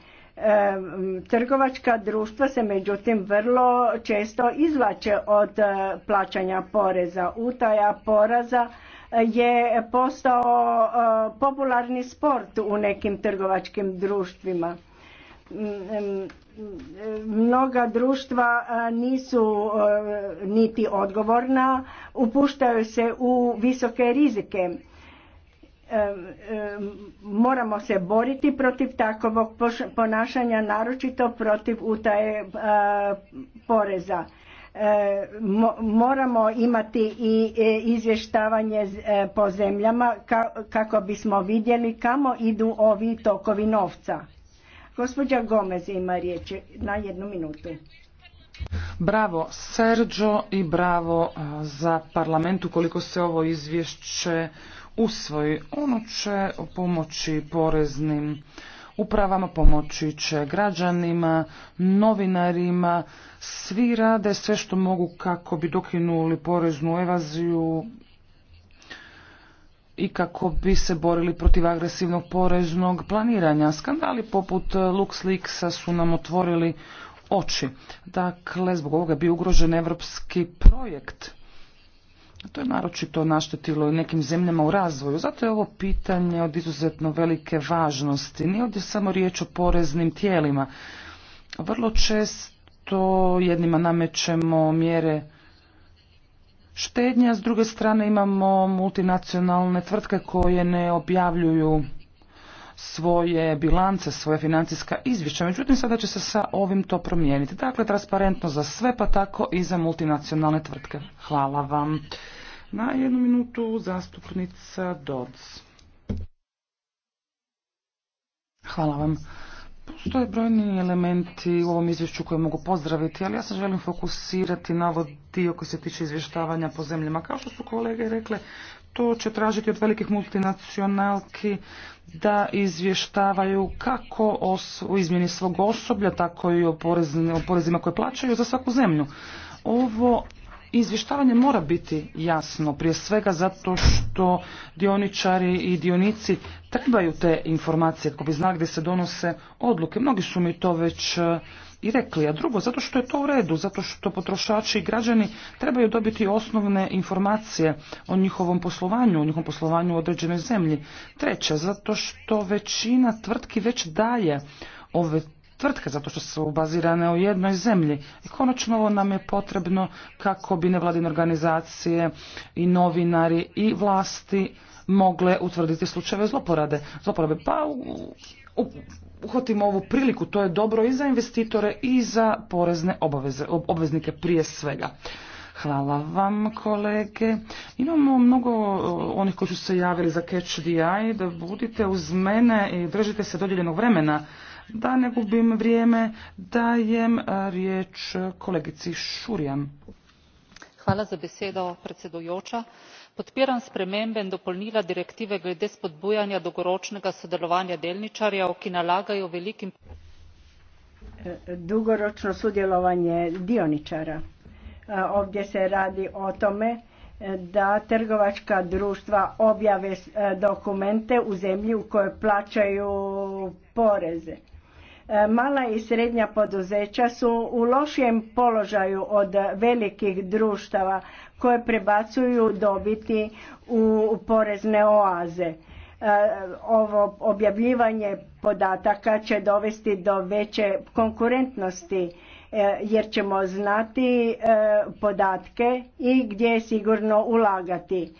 Trgovačka društva se međutim vrlo često izvlače od plaćanja poreza. Utaja poraza je postao popularni sport u nekim trgovačkim društvima mnoga društva e, nisu e, niti odgovorna, upuštaju se u visoke rizike. E, moramo se boriti protiv takvog ponašanja, naročito protiv utaje poreza. Moramo imati i izvještavanje po zemljama kako bismo vidjeli kamo idu ovi tokovi novca. Gospođa Gomez ima riječ na jednu minutu. Bravo Sergio, i bravo za parlamentu koliko se ovo izvješće usvoji. Ono će pomoći poreznim upravama, pomoći će građanima, novinarima. Svi rade sve što mogu kako bi dokinuli poreznu evaziju i kako bi se borili protiv agresivnog poreznog planiranja. Skandali poput LuxLeaksa su nam otvorili oči. Dakle, zbog ovoga bi ugrožen evropski projekt. To je naročito naštetilo nekim zemljama u razvoju. Zato je ovo pitanje od izuzetno velike važnosti. Nije ovdje samo riječ o poreznim tijelima. Vrlo često jednima namećemo mjere štednja, s druge strane imamo multinacionalne tvrtke koje ne objavljuju svoje bilance, svoje financijska izvješća. Međutim, sada će se sa ovim to promijeniti. Dakle, transparentno za sve, pa tako i za multinacionalne tvrtke. Hvala vam. Na jednu minutu zastupnica Hvala vam. Postoje brojni elementi u ovom izvješću koje mogu pozdraviti, ali ja se želim fokusirati na ovo dio koji se tiče izvještavanja po zemljama. Kao što su kolege rekle, to će tražiti od velikih multinacionalki da izvještavaju kako u izmjeni svog osoblja, tako i o, porezima koje plaćaju za svaku zemlju. Ovo izvještavanje mora biti jasno, prije svega zato što dioničari i dionici trebaju te informacije tko bi znali gdje se donose odluke. Mnogi su mi to već e, i rekli, a drugo zato što je to u redu, zato što potrošači i građani trebaju dobiti osnovne informacije o njihovom poslovanju, o njihovom poslovanju u određenoj zemlji. Treće, zato što većina tvrtki već daje ove tvrtke, zato što su bazirane u jednoj zemlji. I konačno ovo nam je potrebno kako bi nevladine organizacije i novinari i vlasti mogle utvrditi slučajeve zloporade. Zloporabe. Pa uhvatimo ovu priliku, to je dobro i za investitore i za porezne obaveze, obveznike prije svega. Hvala vam kolege. Imamo mnogo onih koji su se javili za catch the eye, da budite uz mene i držite se dodijeljenog vremena. Da ne gubim vrijeme, dajem riječ kolegici Šurjan. Hvala za besedo, predsedujoča. Podpiram spremembe in dopolnila direktive glede spodbujanja dolgoročnega sodelovanja delničarjev, ki nalagajo velikim e, dugoročno sudjelovanje dioničara. E, ovdje se radi o tome e, da trgovačka društva objave dokumente u zemlji u kojoj plaćaju poreze E, mala i srednja poduzeća su u lošijem položaju od velikih društava koje prebacuju dobiti u porezne oaze. E, ovo objavljivanje podataka će dovesti do veće konkurentnosti e, jer ćemo znati podatke i gdje je sigurno ulagati.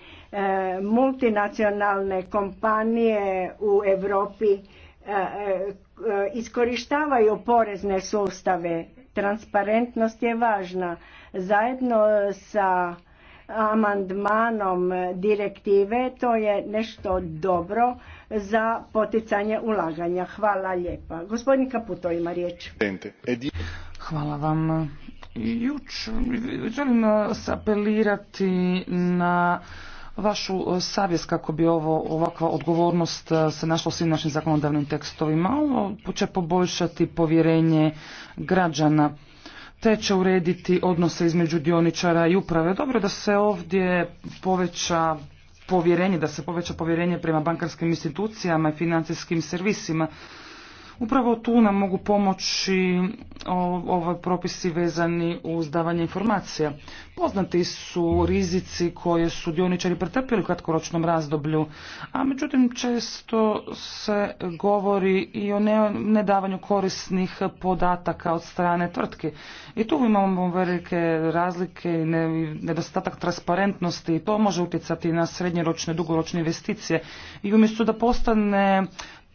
Multinacionalne kompanije u Europi E, iskorištavaju porezne sustave. Transparentnost je važna. Zajedno sa amandmanom direktive to je nešto dobro za poticanje ulaganja. Hvala lijepa. Gospodin Kaputo ima riječ. Hvala vam. Juč, želim apelirati na vašu e, savjest kako bi ovo, ovakva odgovornost e, se našla u svim našim zakonodavnim tekstovima. Ovo će poboljšati povjerenje građana te će urediti odnose između dioničara i uprave. Dobro da se ovdje poveća povjerenje, da se poveća povjerenje prema bankarskim institucijama i financijskim servisima. Upravo tu nam mogu pomoći ovi ovaj propisi vezani uz davanje informacija. Poznati su rizici koje su dioničari pretrpjeli u kratkoročnom razdoblju, a međutim često se govori i o nedavanju korisnih podataka od strane tvrtke. I tu imamo velike razlike i nedostatak transparentnosti i to može utjecati na srednjeročne, dugoročne investicije. I umjesto da postane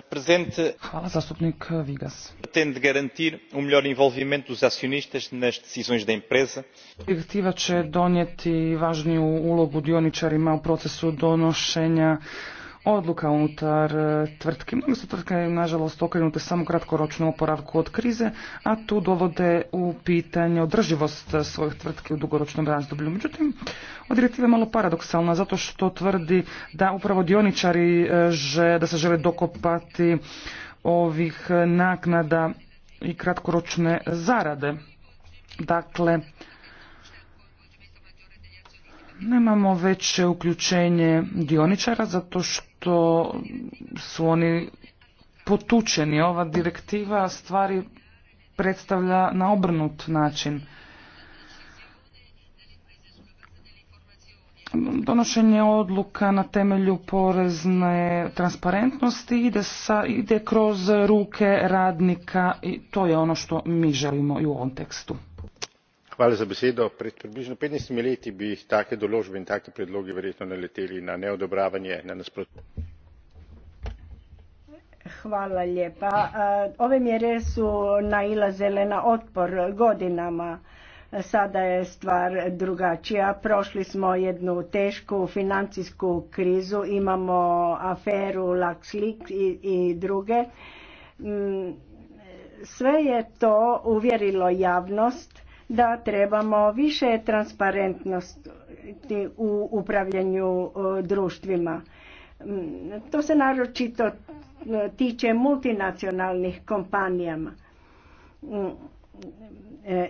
Presente... Hvala, zastupnik Vigas. Pretende garantir um melhor envolvimento dos acionistas nas decisões da empresa. Direktiva će donijeti važniju ulogu dioničarima u procesu donošenja odluka unutar e, tvrtki. Mnogo su tvrtke, nažalost, okrenute samo kratkoročnom oporavku od krize, a tu dovode u pitanje održivost svojih tvrtke u dugoročnom razdoblju. Međutim, od direktiva je malo paradoksalna, zato što tvrdi da upravo dioničari e, že, da se žele dokopati ovih naknada i kratkoročne zarade. Dakle, nemamo veće uključenje dioničara zato što to su oni potučeni. Ova direktiva stvari predstavlja na obrnut način. Donošenje odluka na temelju porezne transparentnosti ide, sa, ide kroz ruke radnika i to je ono što mi želimo i u ovom tekstu pred približno petnajstimi leti bi take določbe in taki predlogi verjetno naleteli na neodobravanje na eh, ove mjere su nailazile na otpor godinama sada je stvar drugačija prošli smo jednu tešku financijsku krizu imamo aferu LuxLeaks i druge mm, sve je to uvjerilo javnost da trebamo više transparentnosti u upravljanju e, društvima. Mm, to se naročito e, tiče multinacionalnih kompanijama. Mm, e,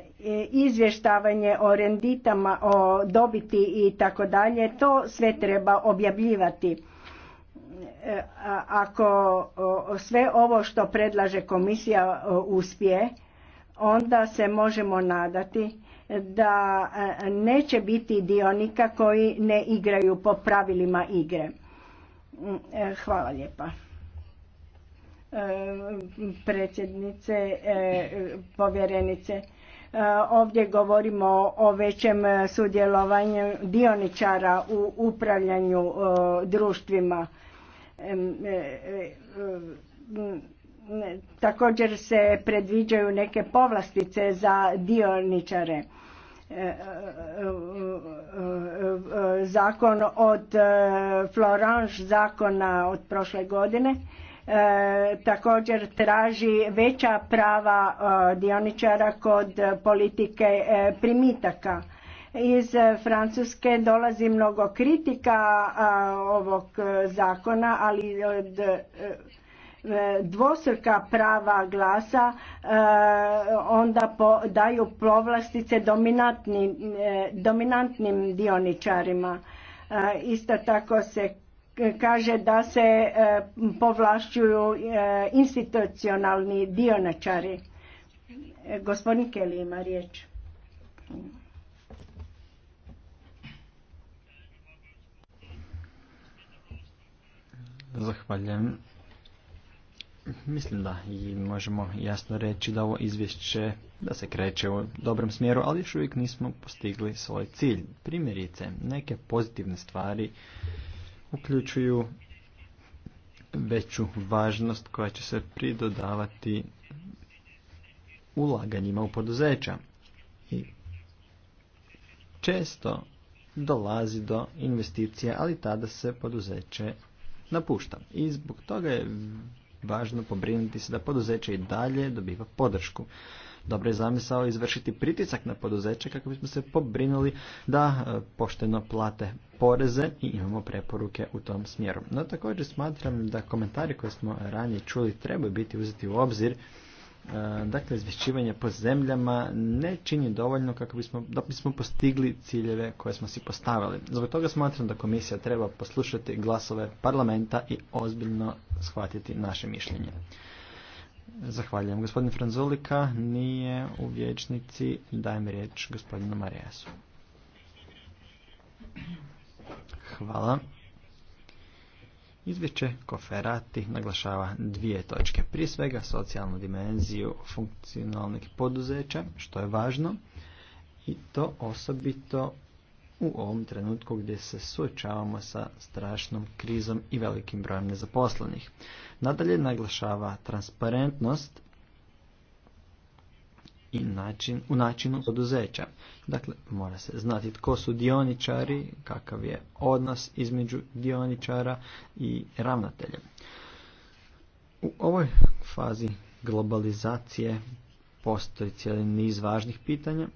izvještavanje o renditama, o dobiti i tako dalje, to sve treba objavljivati. Ako sve ovo što predlaže komisija uspije, onda se možemo nadati da e, neće biti dionika koji ne igraju po pravilima igre. Mm, e, hvala lijepa. E, predsjednice, povjerenice, ovdje govorimo o većem sudjelovanju dioničara u upravljanju društvima Također se predviđaju neke povlastice za dioničare. E, e, e, zakon od Florange, zakona od prošle godine, također traži veća prava dioničara kod politike primitaka. Iz Francuske dolazi mnogo kritika ovog zakona, ali od E, dvosrka prava glasa e, onda daju povlastice dominantnim, e, dominantnim dioničarima. Isto tako se kaže da se povlašćuju institucionalni dioničari. Gospodin Kelly ima riječ. Zahvaljujem. Mislim da i možemo jasno reći da ovo izvješće da se kreće u dobrom smjeru, ali još uvijek nismo postigli svoj cilj. Primjerice, neke pozitivne stvari uključuju veću važnost koja će se pridodavati ulaganjima u poduzeća. I često dolazi do investicije, ali tada se poduzeće napušta. I zbog toga je važno pobrinuti se da poduzeće i dalje dobiva podršku. Dobro je zamisao izvršiti pritisak na poduzeće kako bismo se pobrinuli da e, pošteno plate poreze i imamo preporuke u tom smjeru. No također smatram da komentari koje smo ranije čuli trebaju biti uzeti u obzir E, dakle izvješćivanje po zemljama ne čini dovoljno kako bismo, da bismo postigli ciljeve koje smo si postavili. Zbog toga smatram da komisija treba poslušati glasove parlamenta i ozbiljno shvatiti naše mišljenje. Zahvaljujem. Gospodin Franzolika nije u vječnici. Dajem riječ gospodinu Marijasu. Hvala. Izvješće Koferati naglašava dvije točke. Prije svega socijalnu dimenziju funkcionalnih poduzeća, što je važno, i to osobito u ovom trenutku gdje se suočavamo sa strašnom krizom i velikim brojem nezaposlenih. Nadalje naglašava transparentnost u načinu poduzeća. Dakle, mora se znati tko su dioničari, kakav je odnos između dioničara i ravnatelja. U ovoj fazi globalizacije postoji cijeli niz važnih pitanja.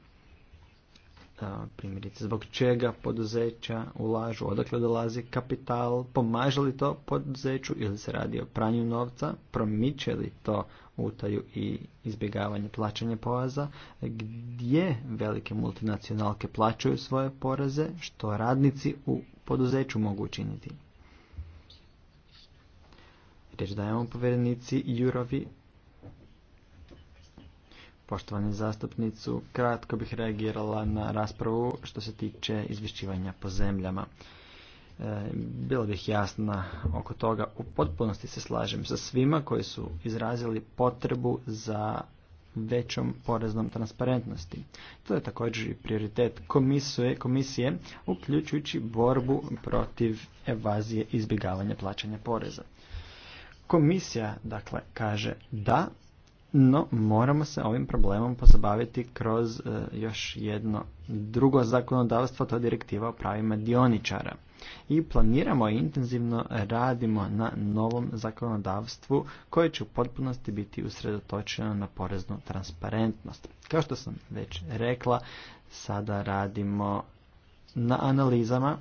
E, primjerice, zbog čega poduzeća ulažu, odakle dolazi kapital, pomaže li to poduzeću ili se radi o pranju novca, promiče li to utaju i izbjegavanje plaćanja poraza, gdje velike multinacionalke plaćaju svoje poreze, što radnici u poduzeću mogu učiniti. Riječ dajemo povjerenici Jurovi. Poštovani zastupnicu, kratko bih reagirala na raspravu što se tiče izvješćivanja po zemljama. Bilo bih jasna oko toga, u potpunosti se slažem sa svima koji su izrazili potrebu za većom poreznom transparentnosti. To je također i prioritet komisije, komisije uključujući borbu protiv evazije i izbjegavanja plaćanja poreza. Komisija, dakle, kaže da, no moramo se ovim problemom pozabaviti kroz e, još jedno drugo zakonodavstvo, to je direktiva o pravima dioničara i planiramo i intenzivno radimo na novom zakonodavstvu koje će u potpunosti biti usredotočeno na poreznu transparentnost. Kao što sam već rekla, sada radimo na analizama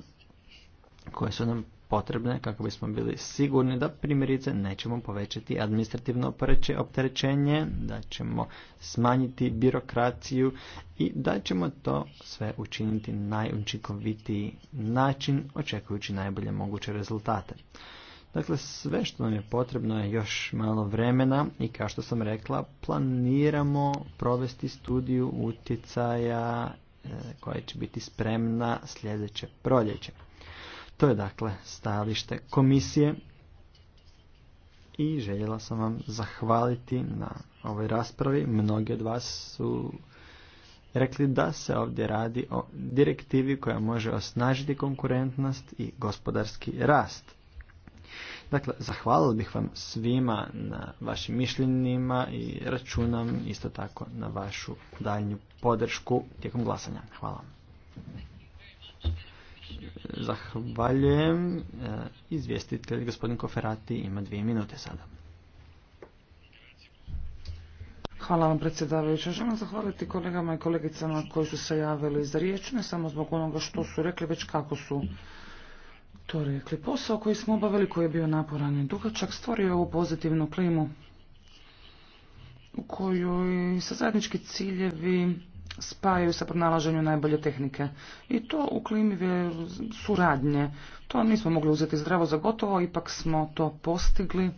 koje su nam potrebne kako bismo bili sigurni da primjerice nećemo povećati administrativno opterećenje, da ćemo smanjiti birokraciju i da ćemo to sve učiniti najučinkovitiji način očekujući najbolje moguće rezultate. Dakle, sve što nam je potrebno je još malo vremena i kao što sam rekla, planiramo provesti studiju utjecaja e, koja će biti spremna sljedeće proljeće. To je dakle stajalište komisije i željela sam vam zahvaliti na ovoj raspravi. Mnogi od vas su rekli da se ovdje radi o direktivi koja može osnažiti konkurentnost i gospodarski rast. Dakle, zahvalio bih vam svima na vašim mišljenjima i računam isto tako na vašu daljnju podršku tijekom glasanja. Hvala. Zahvaljujem. E, izvjestitelj gospodin Koferati ima dvije minute sada. Hvala vam predsjedavajuća. Želim zahvaliti kolegama i kolegicama koji su se javili za riječ, ne samo zbog onoga što su rekli, već kako su to rekli. Posao koji smo obavili, koji je bio naporan i dugačak, stvorio ovu pozitivnu klimu u kojoj sa zajednički ciljevi spajaju sa pronalaženju najbolje tehnike. I to u klimi suradnje. To nismo mogli uzeti zdravo za gotovo, ipak smo to postigli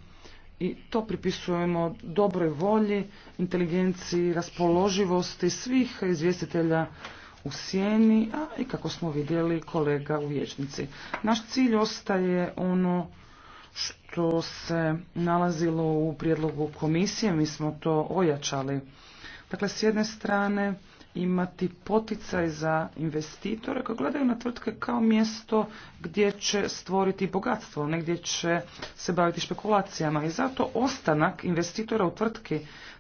i to pripisujemo dobroj volji, inteligenciji, raspoloživosti svih izvjestitelja u sjeni, a i kako smo vidjeli kolega u vječnici. Naš cilj ostaje ono što se nalazilo u prijedlogu komisije, mi smo to ojačali. Dakle, s jedne strane imati poticaj za investitore koji gledaju na tvrtke kao mjesto gdje će stvoriti bogatstvo, ne gdje će se baviti špekulacijama. I zato ostanak investitora u tvrtki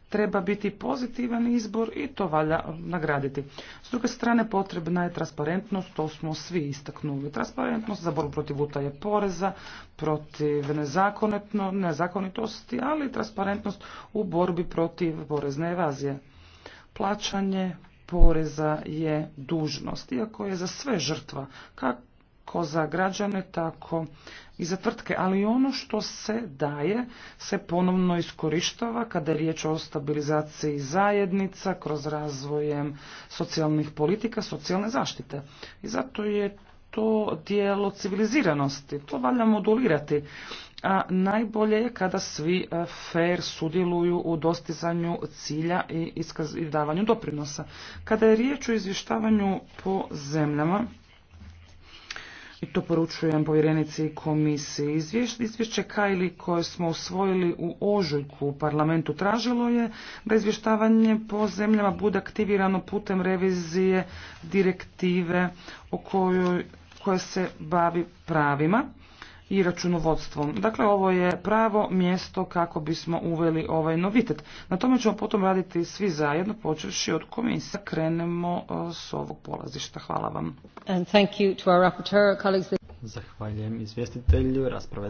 treba biti pozitivan izbor i to valja nagraditi. S druge strane potrebna je transparentnost, to smo svi istaknuli. Transparentnost za borbu protiv utaje poreza, protiv nezakonitosti, ali i transparentnost u borbi protiv porezne evazije. Plaćanje poreza je dužnost, iako je za sve žrtva, kako za građane, tako i za tvrtke. Ali ono što se daje se ponovno iskorištava kada je riječ o stabilizaciji zajednica kroz razvojem socijalnih politika, socijalne zaštite. I zato je to dijelo civiliziranosti. To valja modulirati a najbolje je kada svi e, fair sudjeluju u dostizanju cilja i, davanju doprinosa. Kada je riječ o izvještavanju po zemljama, i to poručujem povjerenici komisije komisiji. Izvješće Kajli koje smo usvojili u ožujku u parlamentu tražilo je da izvještavanje po zemljama bude aktivirano putem revizije direktive o kojoj, koja se bavi pravima i računovodstvom. Dakle, ovo je pravo mjesto kako bismo uveli ovaj novitet. Na tome ćemo potom raditi svi zajedno, počevši od komisije. Krenemo e, s ovog polazišta. Hvala vam. Zahvaljujem izvjestitelju. Rasprave